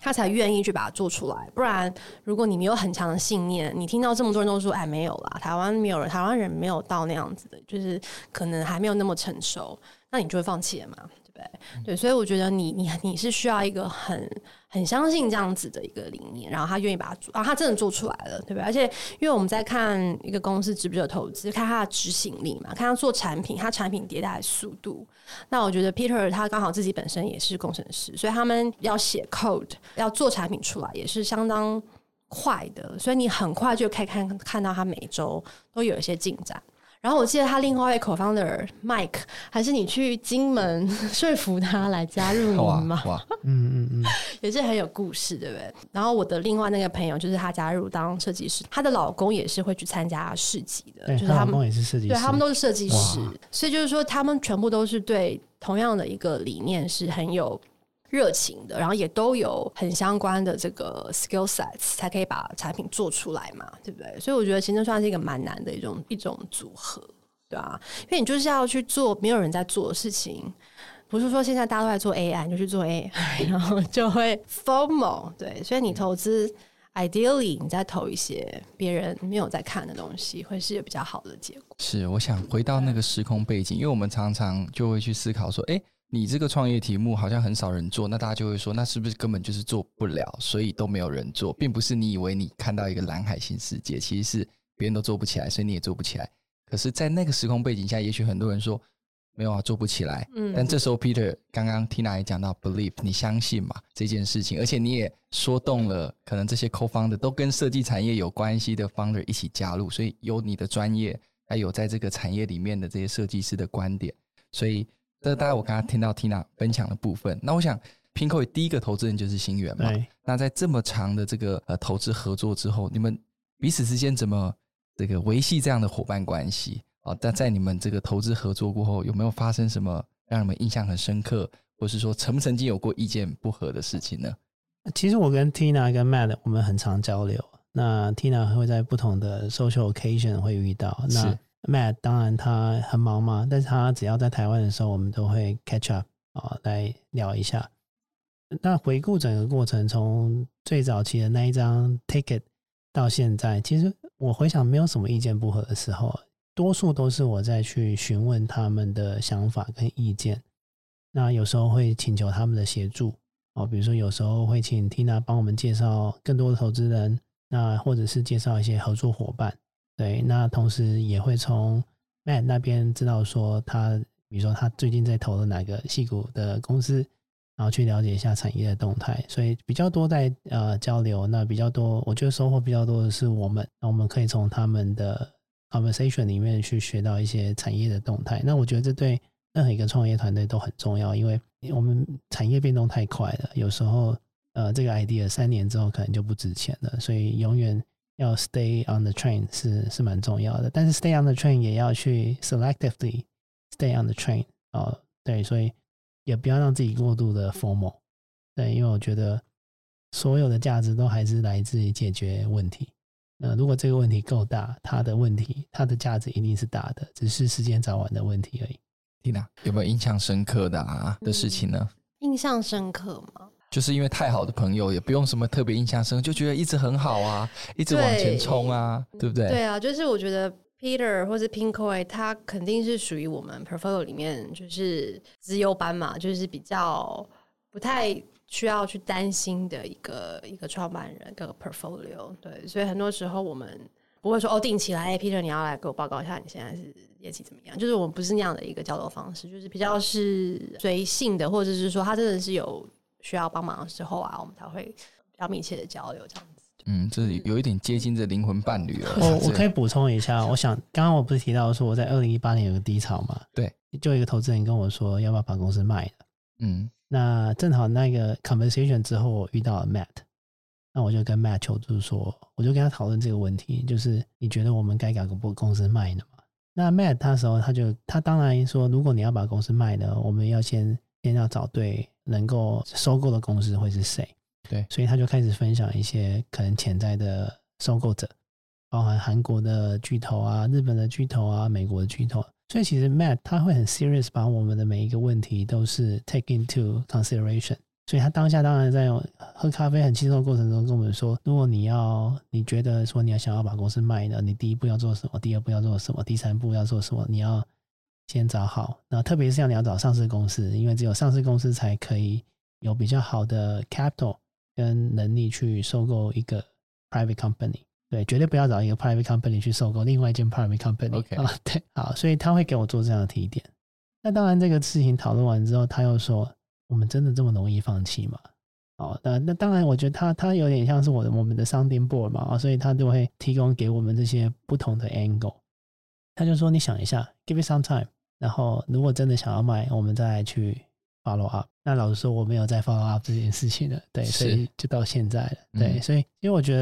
他才願意去把它做出來。不然，如果你沒有很強的信念，你聽到這麼多人都說“哎，沒有啦，台灣沒有了，台灣人沒有到那樣子的，就是可能還沒有那麼成熟”，那你就會放棄了嘛，對不對？對，所以我覺得你你你是需要一個很。很相信這樣子的一個理念，然後他願意把它做啊，他真的做出來了，對不對？而且，因為我們在看一個公司值不值得投資，看他的執行力嘛，看他做產品，他產品迭代的速度。那我覺得 Peter 他剛好自己本身也是工程師，所以他們要寫 code，要做產品出來也是相當快的，所以你很快就可以看看到他每週都有一些進展。然後我記得他另外一個 co-founder Mike，還是你去金門說服他來加入你嘛？哇，嗯嗯嗯，嗯也是很有故事，對不對？然後我的另外那個朋友，就是他加入當設計師，她的老公也是會去參加市集的，對就是他們也是設計師，對他們都是設計師，哇所以就是說他們全部都是對同樣的一個理念是很有。熱情的，然後也都有很相關的這個 skill sets，才可以把產品做出來嘛，對不對？所以我覺得其實算是一個蠻難的一種一種組合，對吧、啊？因為你就是要去做沒有人在做的事情，不是說現在大家都在做 AI 你就去做 AI， 然後就會 FOMO。對，所以你投資、嗯、ideally，你在投一些別人沒有在看的東西，會是一個比較好的結果。是，我想回到那個時空背景，對因為我們常常就會去思考說，誒、欸……你這個創業題目好像很少人做，那大家就會說，那是不是根本就是做不了，所以都沒有人做，並不是你以為你看到一個藍海新世界，其實是別人都做不起來，所以你也做不起來。可是，在那個時空背景下，也許很多人說沒有啊，做不起來。嗯，但這時候，Peter 剛剛 Tina 也講到 believe，你相信嘛這件事情，而且你也說動了可能這些 co-founder 都跟設計產業有關係的 founder 一起加入，所以有你的專業，還有在這個產業裡面的這些設計師的觀點，所以。那大概我剛剛聽到 Tina 分享的部分，那我想，Pinkoi 第一個投資人就是心元嘛。對那在這麼長的這個呃投資合作之後，你們彼此之間怎麼這個維繫這樣的夥伴關係？哦、啊，但在你們這個投資合作過後，有沒有發生什麼讓你們印象很深刻，或是說曾不曾經有過意見不合的事情呢？其實我跟 Tina 跟 Matt 我們很常交流，那 Tina 會在不同的 social occasion 會遇到，是那。Matt 當然他很忙嘛，但是他只要在台灣的時候，我們都會 catch up 啊、哦，來聊一下。那回顧整個過程，從最早期的那一張 ticket 到現在，其實我回想沒有什麼意見不合的時候，多數都是我在去詢問他們的想法跟意見。那有時候會請求他們的協助哦，比如說有時候會請 Tina 幫我們介紹更多的投資人，那或者是介紹一些合作伙伴。對，那同時也會從 Man 那邊知道說他，比如說他最近在投的哪個細股的公司，然後去了解一下產業的動態。所以比較多在呃交流，那比較多我覺得收穫比較多的是我們，那我們可以從他們的 conversation 裡面去學到一些產業的動態。那我覺得這對任何一個創業團隊都很重要，因為我們產業變動太快了，有時候呃這個 idea 三年之後可能就不值錢了，所以永遠。要 stay on the train 是是蠻重要的，但是 stay on the train 也要去 selectively stay on the train 哦，對，所以也不要讓自己過度的 formal，嗯、對，因為我覺得所有的價值都還是來自於解決問題。那、呃、如果這個問題夠大，它的問題，它的價值一定是大的，只是時間早晚的問題而已。Tina、啊，有沒有印象深刻的啊、嗯、的事情呢？印象深刻嗎？就是因為太好的朋友，也不用什麼特別印象深刻，就覺得一直很好啊，一直往前衝啊，對，對不對？對啊，就是我覺得 Peter 或者 Pinkoi 他肯定是屬於我們 portfolio 裡面就是資優班嘛，就是比較不太需要去擔心的一個一個創辦人，個 portfolio。對，所以很多時候我們不會說哦，定期來，Peter，你要來給我報告一下你現在是業績怎麼樣？就是我們不是那樣的一個交流方式，就是比較是隨性的，或者是說他真的是有。需要幫忙的時候啊，我們才會比較密切的交流，這樣子。就是、嗯，這是有一點接近這靈魂伴侶了。嗯、我我可以補充一下，是我想剛剛我不是提到說我在二零一八年有個低潮嘛，對，就一個投資人跟我說要不要把公司賣了。嗯，那正好那個 conversation 之後我遇到了 Matt，那我就跟 Matt 求助說，我就跟他討論這個問題，就是你覺得我們該搞個不公司賣的嗎？那 Matt 那時候，他就他當然說，如果你要把公司賣了，我們要先先要找對。能夠收購的公司會是誰？對，所以他就開始分享一些可能潛在的收購者，包含韓國的巨頭啊、日本的巨頭啊、美國的巨頭。所以其實 Matt 他會很 serious，把我們的每一個問題都是 take into consideration。所以他當下當然在喝咖啡很輕鬆的過程中跟我們說：如果你要，你覺得說你要想要把公司賣了，你第一步要做什麼？第二步要做什麼？第三步要做什麼？你要。先找好，那特別是要你要找上市公司，因為只有上市公司才可以有比較好的 capital 跟能力去收購一個 private company。對，絕對不要找一個 private company 去收購另外一間 private company。OK、啊、對，好，所以他會給我做這樣的提點。那當然，這個事情討論完之後，他又說：“我們真的這麼容易放棄嗎？”哦，那那當然，我覺得他他有點像是我我們的 sounding board 嗎、啊？所以他就會提供給我們這些不同的 angle。他就說：“你想一下，give you some time。”然後，如果真的想要買，我們再去 follow up。那老實說，我沒有再 follow up 這件事情了。對，是所以就到現在了。嗯、對，所以，因為我覺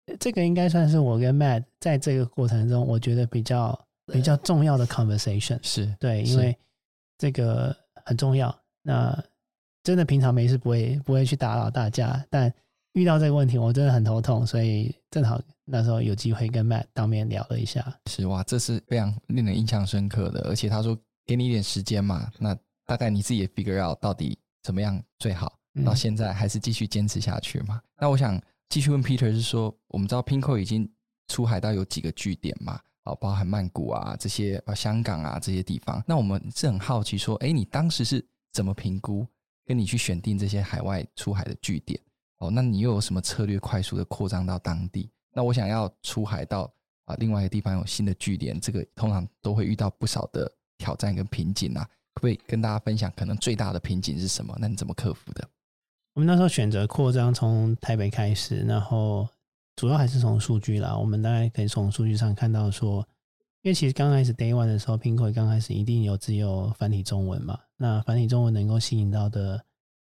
得這個應該算是我跟 Matt 在這個過程中，我覺得比較比較重要的 conversation、呃。是對，是因為這個很重要。那真的平常沒事不會不會去打擾大家，但遇到這個問題，我真的很頭痛，所以正好。那時候有機會跟 Matt 當面聊了一下，是哇，這是非常令人印象深刻的。而且他說：“給你一點時間嘛，那大概你自己也 figure out 到底怎麼樣最好。”嗯，到現在還是繼續堅持下去嘛？那我想繼續問 Peter 是說，我們知道 Pinkoi 已經出海到有幾個據點嘛？哦，包含曼谷啊這些啊，包括香港啊這些地方。那我們是很好奇說，哎、欸，你當時是怎麼評估跟你去選定這些海外出海的據點？哦，那你又有什麼策略快速的擴張到當地？那我想要出海到啊、呃、另外一個地方有新的據點，這個通常都會遇到不少的挑戰跟瓶頸啊，可不可以跟大家分享可能最大的瓶頸是什麼？那你怎麼克服的？我們那時候選擇擴張從台北開始，然後主要還是從數據啦。我們大概可以從數據上看到說，因為其實剛開始 day one 的時候，Pinkoi 剛開始一定有只有繁體中文嘛，那繁體中文能夠吸引到的。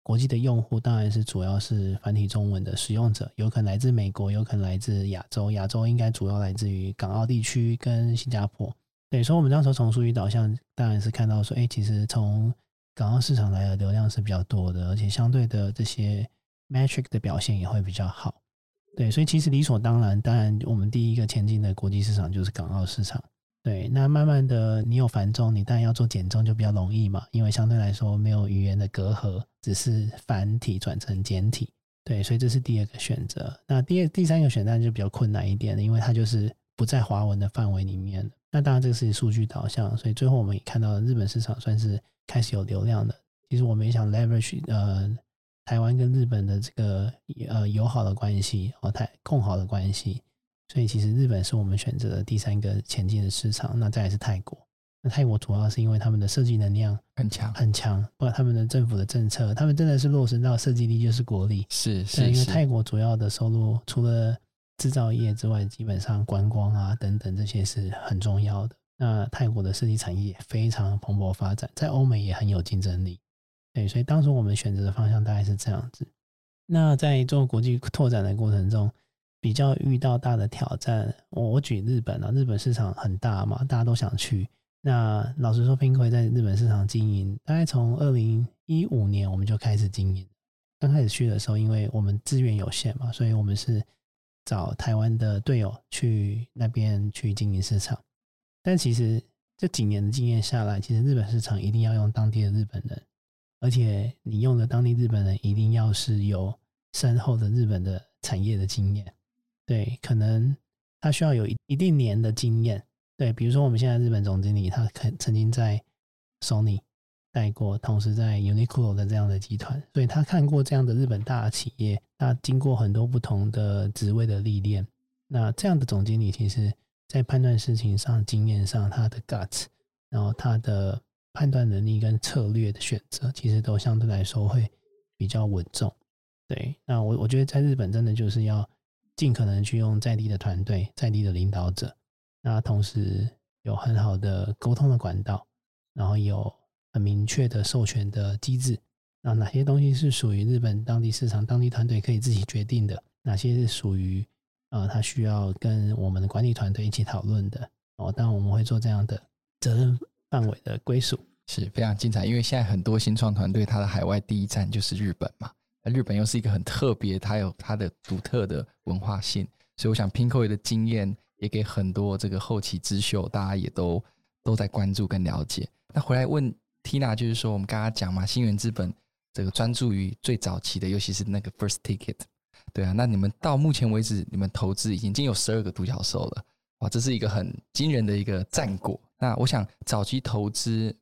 國際的用戶當然是主要是繁體中文的使用者，有可能來自美國，有可能來自亞洲。亞洲應該主要來自於港澳地區跟新加坡。對，所以我們那時候從數據導向當然是看到說，哎，其實從港澳市場來的流量是比較多的，而且相對的這些 metric 的表現也會比較好。對，所以其實理所當然，當然我們第一個前進的國際市場就是港澳市場。對，那慢慢的你有繁中，你當然要做簡中就比較容易嘛，因為相對來說沒有語言的隔閡，只是繁體轉成簡體。對，所以這是第二個選擇。那第二、第三個選擇當然就比較困難一點了，因為它就是不在華文的範圍裡面。那當然這個是數據導向，所以最後我們也看到了日本市場算是開始有流量的。其實我們也想 leverage 呃臺灣跟日本的這個呃友好的關係和台共好的關係。所以，其實日本是我們選擇的第三個前進的市場。那再也是泰國。那泰國主要是因為他們的設計能量很強，很強。包括他們的政府的政策，他們真的是落實到設計力就是國力。是是。因為泰國主要的收入除了制造業之外，基本上觀光啊等等這些是很重要的。那泰國的設計產業也非常蓬勃發展，在歐美也很有競爭力。對，所以當時我們選擇的方向大概是這樣子。那在做國際拓展的過程中，比較遇到大的挑戰，我我舉日本啊，日本市場很大嘛，大家都想去。那老實說，Pinkoi 在日本市場經營，大概從二零一五年我們就開始經營。剛開始去的時候，因為我們資源有限嘛，所以我們是找台灣的隊友去那邊去經營市場。但其實這幾年的經驗下來，其實日本市場一定要用當地的日本人，而且你用的當地日本人一定要是有深厚的日本的產業的經驗。對，可能他需要有一一定年的經驗。對，比如說我們現在日本總經理，他肯曾經在 Sony 帶過，同時在 Uniqlo 的這樣的集團，所以他看過這樣的日本大企業。他經過很多不同的職位的歷練，那這樣的總經理其實，在判斷事情上、經驗上，他的 guts，然後他的判斷能力跟策略的選擇，其實都相對來說會比較穩重。對，那我我覺得在日本真的就是要。盡可能去用在地的團隊、在地的領導者，那同時有很好的溝通的管道，然後有很明確的授權的機制。那哪些東西是屬於日本當地市場、當地團隊可以自己決定的？哪些是屬於啊，他、呃、需要跟我們的管理團隊一起討論的？哦，當然我們會做這樣的責任範圍的歸屬，是非常精彩。因為現在很多新創團隊，它的海外第一站就是日本嘛。日本又是一個很特別，它有它的獨特的文化性，所以我想 Pinkoi 的經驗也給很多這個後起之秀，大家也都都在關注跟了解。那回來問 Tina，就是說我們剛剛講嘛，心元資本，這個專注於最早期的，尤其是那個 First Ticket，對啊，那你們到目前為止，你們投資已經，已經有十二個獨角獸了哇，這是一個很驚人的一個戰果。那我想早期投資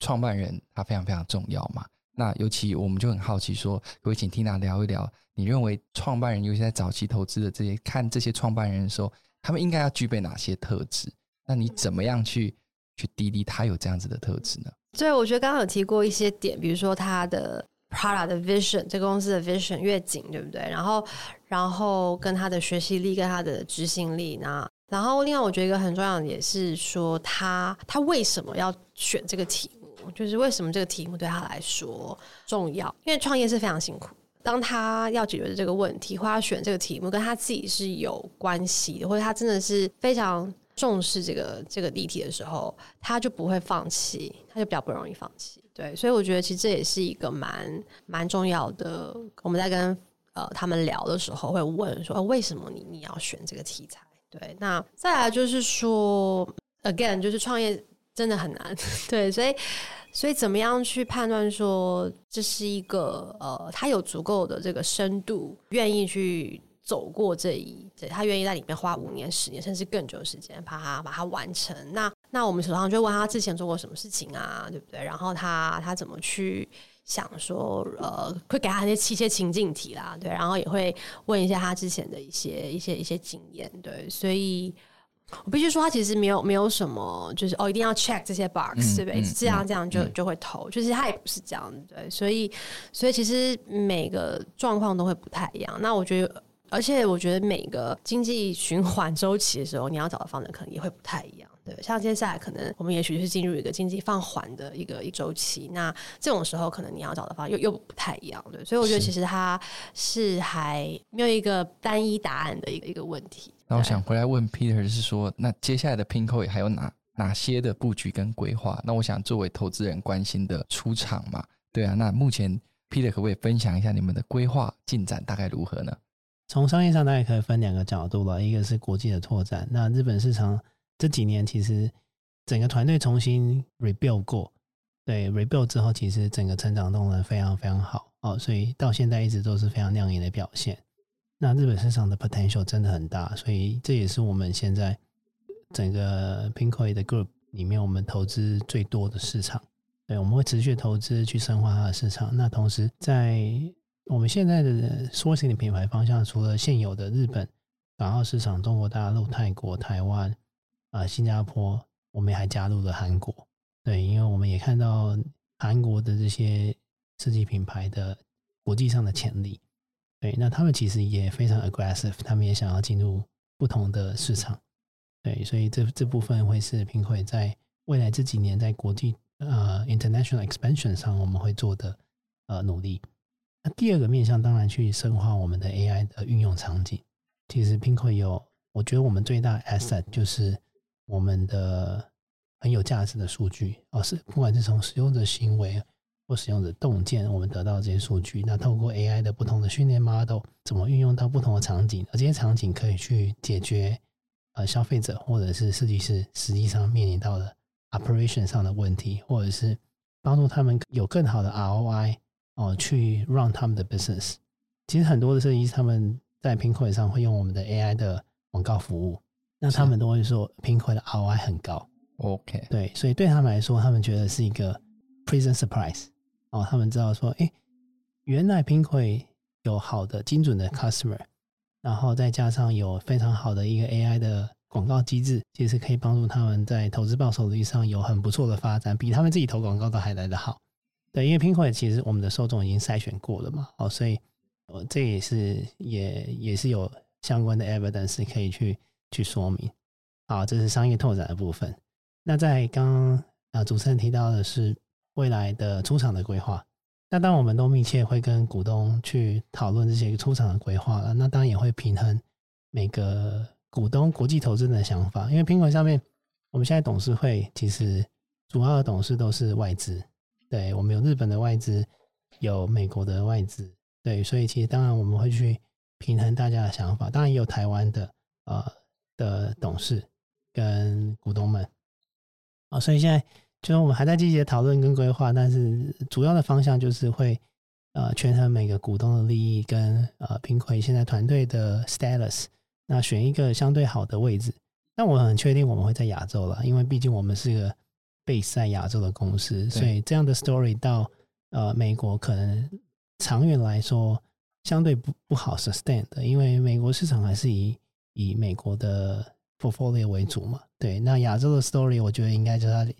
創辦人他非常非常重要嘛。那尤其我們就很好奇說，說各位請 Tina 聊一聊，你認為創辦人，尤其在早期投資的這些，看這些創辦人的時候，他們應該要具備哪些特質？那你怎麼樣去去滴滴他有這樣子的特質呢？對，我覺得剛剛有提過一些點，比如說他的 product 的 vision，這個公司的 vision 越緊，對不對？然後，然後跟他的學習力跟他的執行力，那然後，另外我覺得一個很重要的也是說他，他他為什麼要選這個題？就是為什麼這個題目對他來說重要？因為創業是非常辛苦。當他要解決這個問題，或他選這個題目跟他自己是有關係的，或者他真的是非常重視這個這個議題，的時候，他就不會放棄，他就比較不容易放棄。對，所以我覺得其實這也是一個蠻蠻重要的。我們在跟呃他們聊的時候會問說：呃、為什麼你你要選這個題材？對，那再來就是說，again，就是創業真的很難。對，所以。所以，怎麼樣去判斷說這是一個呃，他有足夠的這個深度，願意去走過這一，對，他願意在裡面花五年、十年，甚至更久的時間，把它把它完成。那那我們手上就問他之前做過什麼事情啊，對不對？然後他他怎麼去想說呃，會給他一些一些情境題啦，對，然後也會問一下他之前的一些一些一些經驗，對，所以。我必須說，他其實沒有沒有什麼，就是哦，一定要 check 這些 box，對、嗯、不對、嗯、這樣這樣就就會投，嗯、就是他也不是這樣，對，所以所以其實每個狀況都會不太一樣。那我覺得，而且我覺得每個經濟循環周期的時候，你要找的房子可能也會不太一樣。像接下來可能我們也許是進入一個經濟放緩的一個一週期，那這種時候可能你要找的方向又又不太一樣，對，所以我覺得其實它是還沒有一個單一答案的一個一個問題。那我想回來問 Peter 是說，那接下來的 Pinkoi 也還有哪哪些的布局跟規劃？那我想作為投資人關心的出場嘛，對啊，那目前 Peter 可不可以分享一下你們的規劃進展大概如何呢？從商業上大概可以分兩個角度吧，一個是國際的拓展，那日本市場。這幾年其實整個團隊重新 rebuild 過，對 rebuild 之後，其實整個成長動能非常非常好哦，所以到現在一直都是非常亮眼的表現。那日本市場的 potential 真的很大，所以這也是我們現在整個 Pinkoi 的 group 裡面我們投資最多的市場。對，我們會持續投資去深化它的市場。那同時在我們現在的 soaring 的品牌方向，除了現有的日本、港澳市場、中國大陸、泰國、台灣。啊，新加坡，我們也還加入了韓國，對，因為我們也看到韓國的這些設計品牌的國際上的潛力，對，那他們其實也非常 aggressive，他們也想要進入不同的市場，對，所以這這部分會是拼會在未來這幾年在國際呃 international expansion 上我們會做的呃努力。那第二個面向當然去深化我們的 AI 的運用場景，其實拼 i 有，我覺得我們最大 asset 就是。我們的很有價值的數據而、哦、是不管是從使用者行為或使用者洞見，我們得到這些數據，那透過 AI 的不同的訓練 model，怎麼運用到不同的場景，而這些場景可以去解決呃消費者或者是設計師實際上面臨到的 operation 上的問題，或者是幫助他們有更好的 ROI 哦、呃，去 run 他們的 business。其實很多的設計師他們在 Pinkoi 上會用我們的 AI 的廣告服務。那他們都會說，Pinkoi 的 ROI 很高。啊、OK，對，所以對他們來說，他們覺得是一個 prison surprise 哦。他們知道說，哎、欸，原來 Pinkoi 有好的精準的 customer，然後再加上有非常好的一個 AI 的廣告機制，其實可以幫助他們在投資報酬率上有很不錯的發展，比他們自己投廣告都還來得好。對，因為 Pinkoi 其實我們的受眾已經篩選過了嘛，哦，所以、哦、這也是也也是有相關的 evidence 可以去。去說明，好、啊，這是商業拓展的部分。那在剛剛啊、呃，主持人提到的是未來的出海的規劃。那當我們都密切會跟股東去討論這些出海的規劃了，那當然也會平衡每個股東國際投資人的想法。因為 Pinkoi 上面，我們現在董事會其實主要的董事都是外資，對，我們有日本的外資，有美國的外資，對，所以其實當然我們會去平衡大家的想法。當然也有台灣的啊。呃的董事跟股東們啊、哦，所以現在就是我們還在積極的討論跟規劃，但是主要的方向就是會呃權衡每個股東的利益跟呃平魁現在團隊的 status，那選一個相對好的位置。那我很確定我們會在亞洲了，因為畢竟我們是一個 base 在亞洲的公司，對所以這樣的 story 到呃美國可能長遠來說相對不不好 sustain 的，因為美國市場還是以以美國的 portfolio 為主嘛，對，那亞洲的 story 我覺得應該就是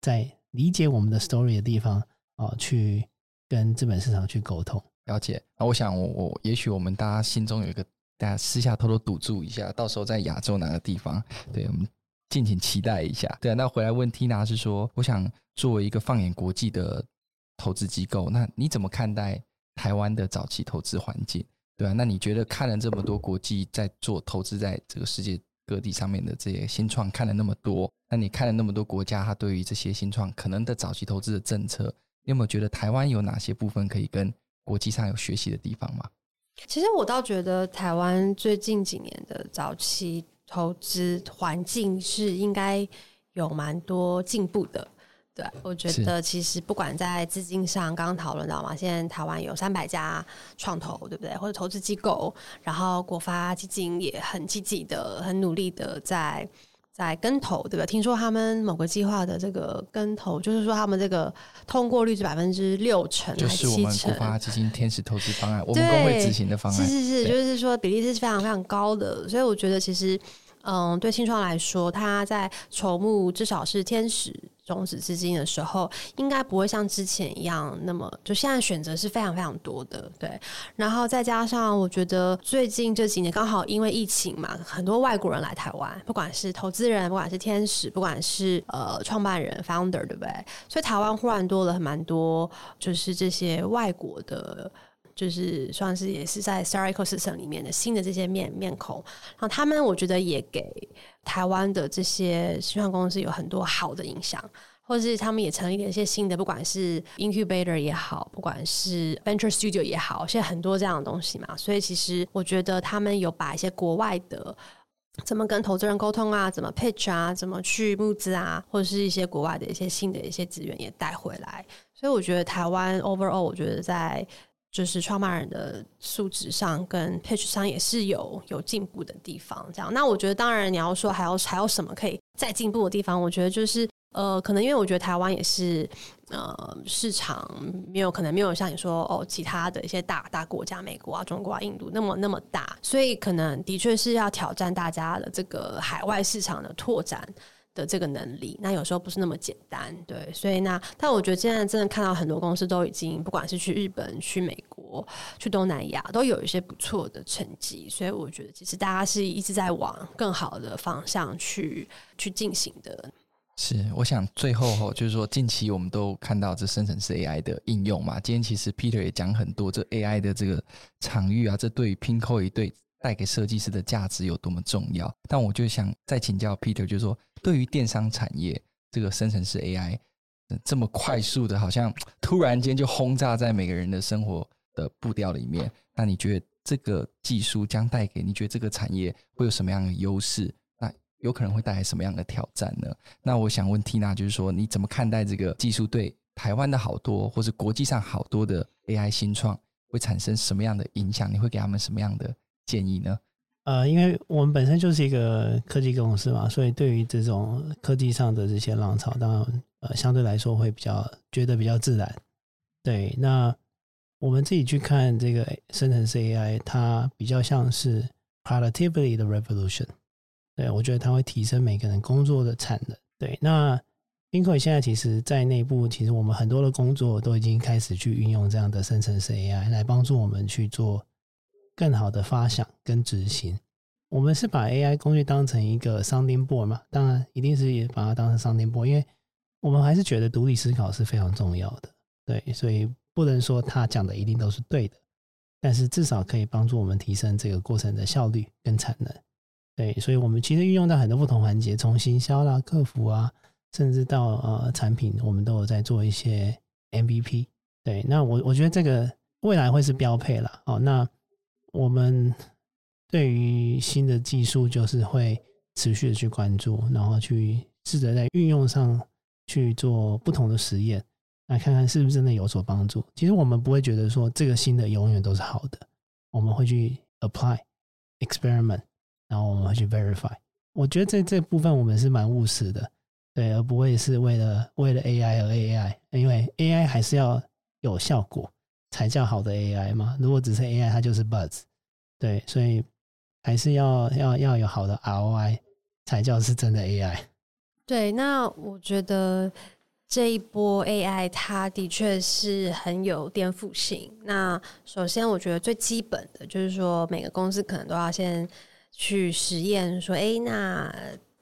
在理解我們的 story 的地方啊、呃，去跟資本市場去溝通了解。那我想我，我我也許我們大家心中有一個，大家私下偷偷賭注一下，到時候在亞洲哪個地方，嗯、對，我們敬請期待一下。對，那回來問 Tina 是說，我想作為一個放眼國際的投資機構，那你怎麼看待台灣的早期投資環境？對啊，那你覺得看了這麼多國際在做投資，在這個世界各地上面的這些新創看了那麼多，那你看了那麼多國家，它對於這些新創可能的早期投資的政策，你有沒有覺得台灣有哪些部分可以跟國際上有學習的地方嗎？其實我倒覺得台灣最近幾年的早期投資環境是應該有蠻多進步的。對，我覺得其實不管在資金上，是剛剛討論到嘛，現在台灣有三百家創投，對不對？或者投資機構，然後國發基金也很積極的、很努力的在在跟投，對吧？聽說他們某個計劃的這個跟投，就是說他們這個通過率是百分之六成，就是我們國發基金天使投資方案，對我們公會執行的方案，是是是，對就是說比例是非常非常高的，所以我覺得其實。嗯，對新創來說，他在籌募至少是天使種子資金的時候，應該不會像之前一樣那麼，就現在選擇是非常非常多的，對。然後再加上我覺得最近這幾年剛好因為疫情嘛，很多外國人來台灣，不管是投資人，不管是天使，不管是呃創辦人 founder，對不對？所以台灣忽然多了蠻多就是這些外國的。就是算是也是在生態系裡面的新的這些面面孔，然後他們我覺得也給台灣的這些新創公司有很多好的影響，或者是他們也成立了一些新的，不管是 Incubator 也好，不管是 Venture Studio 也好，現在很多這樣的東西嘛，所以其實我覺得他們有把一些國外的怎麼跟投資人溝通啊，怎麼 Pitch 啊，怎麼去募資啊，或者是一些國外的一些新的一些資源也帶回來，所以我覺得台灣 Overall 我覺得在就是創辦人的素質上跟配置上也是有有進步的地方，這樣。那我覺得，當然你要說還有還有什麼可以再進步的地方，我覺得就是呃，可能因為我覺得台灣也是呃市場沒有可能沒有像你說哦，其他的一些大大國家，美國啊、中國啊、印度那麼那麼大，所以可能的確是要挑戰大家的這個海外市場的拓展。的這個能力，那有時候不是那麼簡單，對，所以呢，但我覺得現在真的看到很多公司都已經，不管是去日本、去美國、去東南亞，都有一些不錯的成績，所以我覺得其實大家是一直在往更好的方向去去進行的。是，我想最後哈、哦，就是說近期我們都看到這生成式 AI 的應用嘛，今天其實 Peter 也講很多這 AI 的這個場域啊，這對於 Pinkoi 也對帶給設計師的價值有多麼重要，但我就想再請教 Peter，就是說。對於電商產業，這個生成式 AI，這麼快速的，好像突然間就轟炸在每個人的生活的步調裡面。那你覺得這個技術將帶給你，覺得這個產業會有什麼樣的優勢？那有可能會帶來什麼樣的挑戰呢？那我想問 Tina，就是說，你怎麼看待這個技術對台灣的好多，或是國際上好多的 AI 新創會產生什麼樣的影響？你會給他們什麼樣的建議呢？呃，因為我們本身就是一個科技公司嘛，所以對於這種科技上的這些浪潮，當然呃相對來說會比較覺得比較自然。對，那我們自己去看這個生成式 AI，它比較像是 productivity 的 revolution。對，我覺得它會提升每個人工作的產能。對，那 Pinkoi 現在其實在內部，其實我們很多的工作都已經開始去運用這樣的生成式 AI 來幫助我們去做。更好的發想跟執行，我們是把 AI 工具當成一個商店 boy 嘛？當然，一定是也把它當成商店 boy，因為我們還是覺得獨立思考是非常重要的，對，所以不能說他講的一定都是對的，但是至少可以幫助我們提升這個過程的效率跟產能，對，所以我們其實運用到很多不同環節，從行銷啦、客服啊，甚至到呃產品，我們都有在做一些 MVP，對，那我我覺得這個未來會是標配啦。哦，那。我們對於新的技術，就是會持續的去關注，然後去試着在運用上去做不同的實驗，來看看是不是真的有所幫助。其實我們不會覺得說這個新的永遠都是好的，我們會去 apply experiment，然後我們會去 verify。我覺得在這這部分我們是蠻務實的，對，而不會是為了為了 AI 而 AI，因為 AI 還是要有效果。才叫好的 AI 嘛？如果只是 AI，它就是 Buds。對，所以還是要要要有好的 ROI，才叫是真的 AI。對，那我覺得這一波 AI，它的確是很有顛覆性。那首先，我覺得最基本的就是說，每個公司可能都要先去實驗，說，哎、欸，那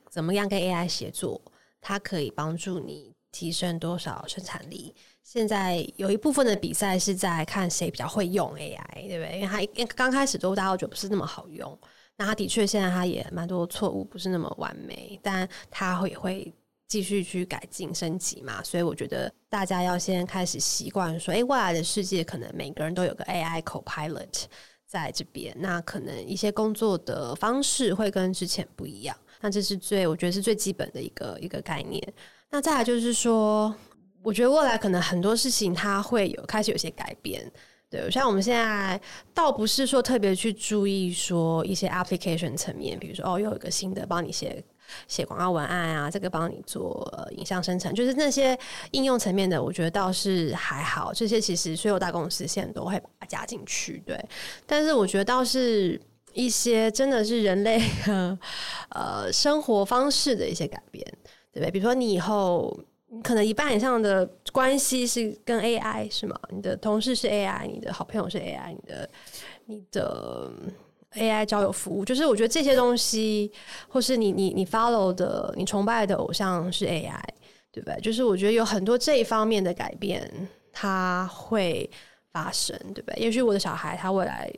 怎麼樣跟 AI 協作？它可以幫助你提升多少生產力？現在有一部分的比賽是在看誰比較會用 AI，對不對？因為他剛開始都大家都覺得不是那麼好用，那他的確現在他也蠻多錯誤，不是那麼完美，但他也會繼續去改進升級嘛。所以我覺得大家要先開始習慣說，欸，未來的世界可能每個人都有個 AI copilot 在這邊，那可能一些工作的方式會跟之前不一樣，那這是最，我覺得是最基本的一個一個概念。那再來就是說。我覺得未來可能很多事情它會有開始有些改變，對。像我們現在倒不是說特別去注意說一些 application 層面，比如說哦，又有一個新的幫你寫寫廣告文案啊，這個幫你做、呃、影像生成，就是那些應用層面的，我覺得倒是還好。這些其實所有大公司現在都會把它加進去，對。但是我覺得倒是一些真的是人類呃呃生活方式的一些改變，對不對？比如說你以後。你可能一半以上的關係是跟 AI 是嗎？你的同事是 AI，你的好朋友是 AI，你的你的 AI 交友服務，就是我覺得這些東西，或是你你你 follow 的，你崇拜的偶像是 AI，對不對？就是我覺得有很多這一方面的改變，它會發生，對不對？也許我的小孩他未來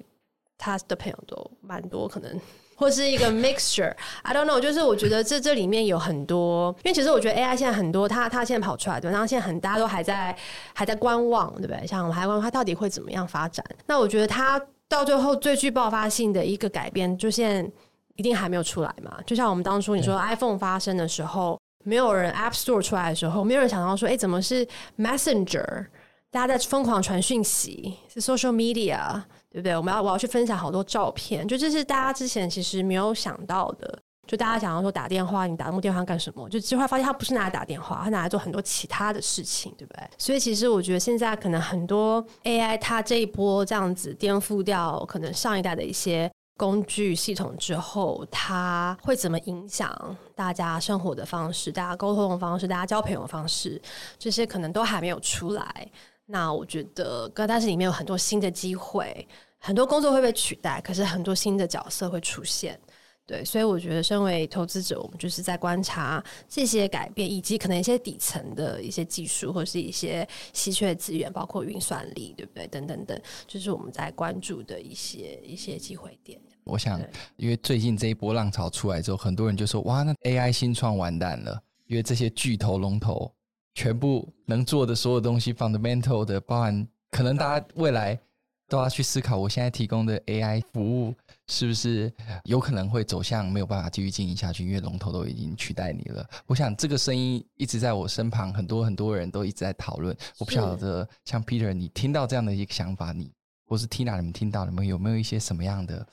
他的朋友都蠻多，可能。或是一個 mixture，I don't know，就是我覺得這這裡面有很多，因為其實我覺得 AI 現在很多，它它現在跑出來，對，然後現在很大家都還在還在觀望，對不對？像我們還觀望它到底會怎麼樣發展。那我覺得它到最後最具爆發性的一個改變，就現在一定還沒有出來嘛。就像我們當初你說 iPhone 發生的時候，沒有人 App Store 出來的時候，沒有人想到說，哎、欸，怎麼是 Messenger，大家在瘋狂傳訊息，是 social media。對不對？我們要我要去分享好多照片，就這是大家之前其實沒有想到的。就大家想要說打電話，你打這麼電話幹什麼？就就會發現他不是拿來打電話，他拿來做很多其他的事情，對不對？所以其實我覺得現在可能很多 AI，它這一波這樣子顛覆掉可能上一代的一些工具系統之後，它會怎麼影響大家生活的方式、大家溝通的方式、大家交朋友的方式，這些可能都還沒有出來。那我覺得，但是裡面有很多新的機會。很多工作會被取代，可是很多新的角色會出現，對，所以我覺得，身為投資者，我們就是在觀察這些改變，以及可能一些底層的一些技術，或是一些稀缺資源，包括運算力，對不對？等等等，就是我們在關注的一些一些機會點。我想，對因為最近這一波浪潮出來之後，很多人就說：“哇，那 AI 新創完蛋了。”因為這些巨頭龍頭全部能做的所有東西，fundamental 的，包含可能大家未來。都要去思考，我現在提供的 AI 服務是不是有可能會走向沒有辦法繼續經營下去？因為龍頭都已經取代你了。我想這個聲音一直在我身旁，很多很多人都一直在討論。我不曉得，像 Peter，你聽到這樣的一個想法，你或是 Tina 你們聽到你們有沒有一些什麼樣的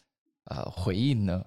呃回應呢？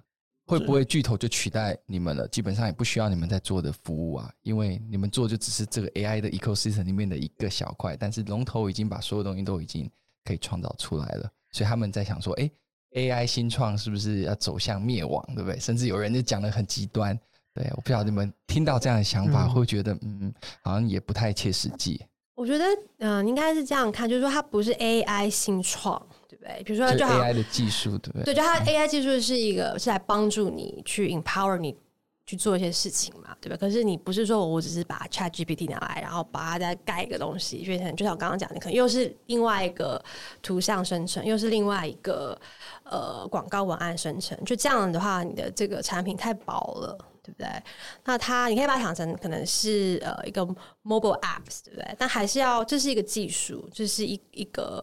會不會巨頭就取代你們了？基本上也不需要你們在做的服務啊，因為你們做就只是這個 AI 的 ecosystem 裡面的一個小塊，但是龍頭已經把所有東西都已經。可以創造出來了，所以他們在想說，哎、欸，AI 新創是不是要走向滅亡，對不對？甚至有人就講得很極端，對，我不曉得你們聽到這樣的想法、嗯、會不會覺得，嗯，好像也不太切實際。我覺得，嗯、呃，應該是這樣看，就是說它不是 AI 新創，對不對？比如說就，就 AI 的技術，對不對？對，就它的 AI 技術是一個是來幫助你去 empower 你。去做一些事情嘛，對吧？可是你不是說我只是把 ChatGPT 拿來，然後把它再蓋一個東西，就像我剛剛講的，可能又是另外一個圖像生成，又是另外一個呃廣告文案生成，就這樣的話，你的這個產品太薄了，對不對？那它你可以把它想成可能是呃一個 mobile apps，對不對？但還是要，這是一個技術，這是一一個。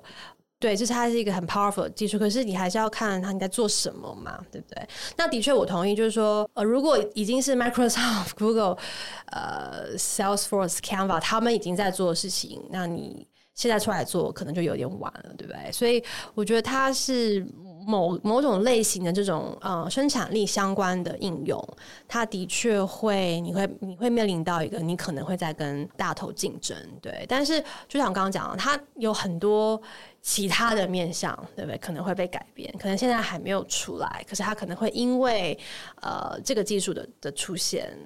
對，就是它是一個很 powerful 的技術，可是你還是要看它應該做什麼嘛，對不對？那的確我同意，就是說，呃，如果已經是 Microsoft、呃、Google、呃 Salesforce、Canva 他們已經在做的事情，那你現在出來做可能就有點晚了，對不對？所以我覺得它是某某種類型的這種呃生產力相關的應用，它的確會，你會你會面臨到一個你可能會在跟大頭競爭，對。但是就像我剛剛講的，它有很多，其他的面向，對不對？可能會被改變，可能現在還沒有出來，可是他可能會因為呃這個技術的的出現，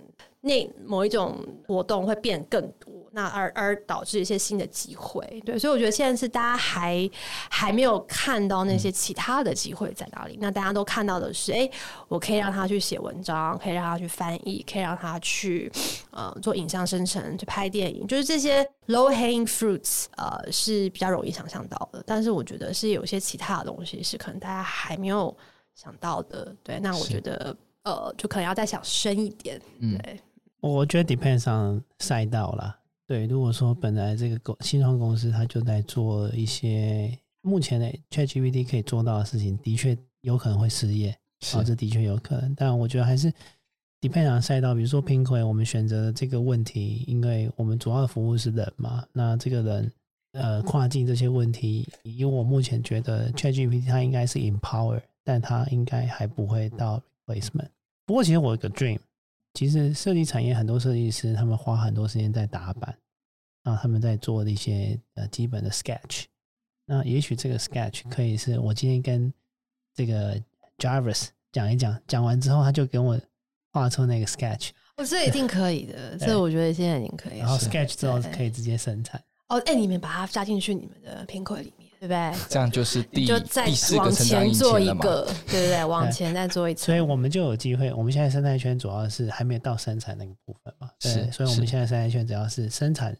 那某一種活動會變更多，那而而導致一些新的機會。對，所以我覺得現在是大家還還沒有看到那些其他的機會在哪裡。嗯、那大家都看到的是，哎，我可以讓他去寫文章，可以讓他去翻譯，可以讓他去呃做影像生成，去拍電影，就是這些 low hanging fruits，呃是比較容易想象到的。但是我覺得是有些其他的東西是可能大家還沒有想到的，對。那我覺得是呃，就可能要再想深一點。對。嗯、我覺得 depends on 賽道啦。嗯、對，如果說本來這個新創公司它就在做一些目前的 ChatGPT 可以做到的事情，的確有可能會失業，啊是、哦，這的確有可能。但我覺得還是 depends on 賽道，down, 比如說 Pinkoi 我們選擇這個問題，因為我們主要的服務是人嘛，那這個人。呃，跨境這些問題，嗯、以我目前覺得，ChatGPT 它應該是 Empower，但它應該還不會到 Replacement。不過，其實我有個 dream，其實設計產業很多設計師，他們花很多時間在打板，後、啊、他們在做的一些呃基本的 Sketch，那也許這個 Sketch 可以是我今天跟這個 Jarvis 講一講，講完之後他就給我畫出那個 Sketch。哦，這一定可以的， 對這我覺得現在已經可以。然後 Sketch 之後可以直接生產。哦，哎、欸，你們把它加進去你們的 Pinkoi 裡面，對不對？這樣就是第一，就再往前做一個，對不 對？往前再做一次，所以我們就有機會。我們現在生態圈主要是還沒有到生產的那個部分嘛，對，是所以我們現在生態圈主要是生產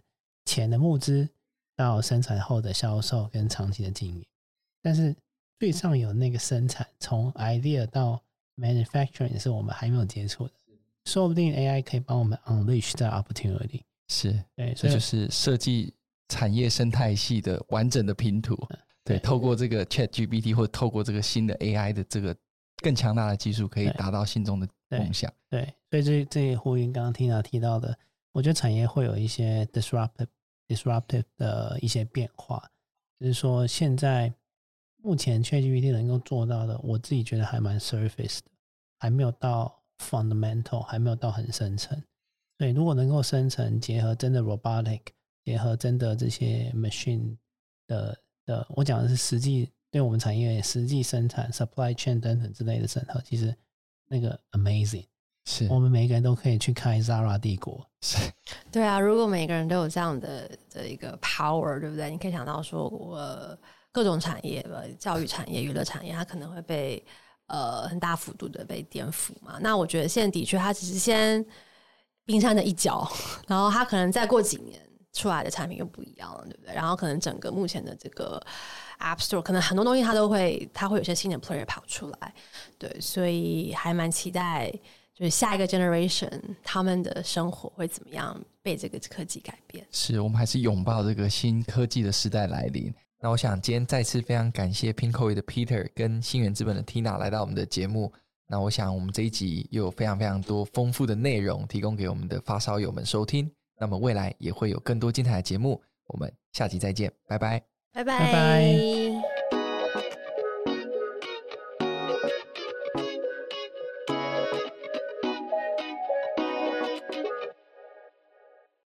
前的募資到生產後的銷售跟長期的經營，是是但是最上游那個生產從 idea 到 manufacturing 是我們還沒有接觸的，說不定 AI 可以幫我們 unleash the opportunity，是，對，所以就是設計。產業生態系的完整的拼圖，嗯、對，對，透過這個 ChatGPT 或透過這個新的 AI 的這個更強大的技術，可以達到心中的夢想。對，所以這這也呼應剛剛 Tina 提到的，我覺得產業會有一些 disruptive、disruptive 的一些變化，就是說現在目前 ChatGPT 能夠做到的，我自己覺得還蠻 surface 的，還沒有到 fundamental，還沒有到很深層。對，如果能夠深層結合真的 robotic。結合真的這些 machine 的的，我講的是實際對我們產業實際生產 supply chain 等等之類的審核，其實那個 amazing，是我們每個人都可以去開 Zara 帝國。是，對啊，如果每個人都有這樣的的一個 power，對不對？你可以想到說，我各種產業吧，教育產業、娛樂產業，它可能會被呃很大幅度的被顛覆嘛。那我覺得現在的確，它只是先冰山的一角，然後它可能再過幾年。出來的產品又不一樣了，對不對？然後可能整個目前的這個 App Store，可能很多東西它都會，它會有些新的 player 跑出來，對，所以還蠻期待，就是下一個 generation 他們的生活會怎麼樣被這個科技改變。是我們還是擁抱這個新科技的時代來臨？那我想今天再次非常感謝 Pinkoi 的 Peter 跟心元資本的 Tina 來到我們的節目。那我想我們這一集又有非常非常多豐富的內容提供給我們的發燒友們收聽。那麼未來也會有更多精彩的節目，我們下期再見，拜拜，拜拜，拜拜，拜拜。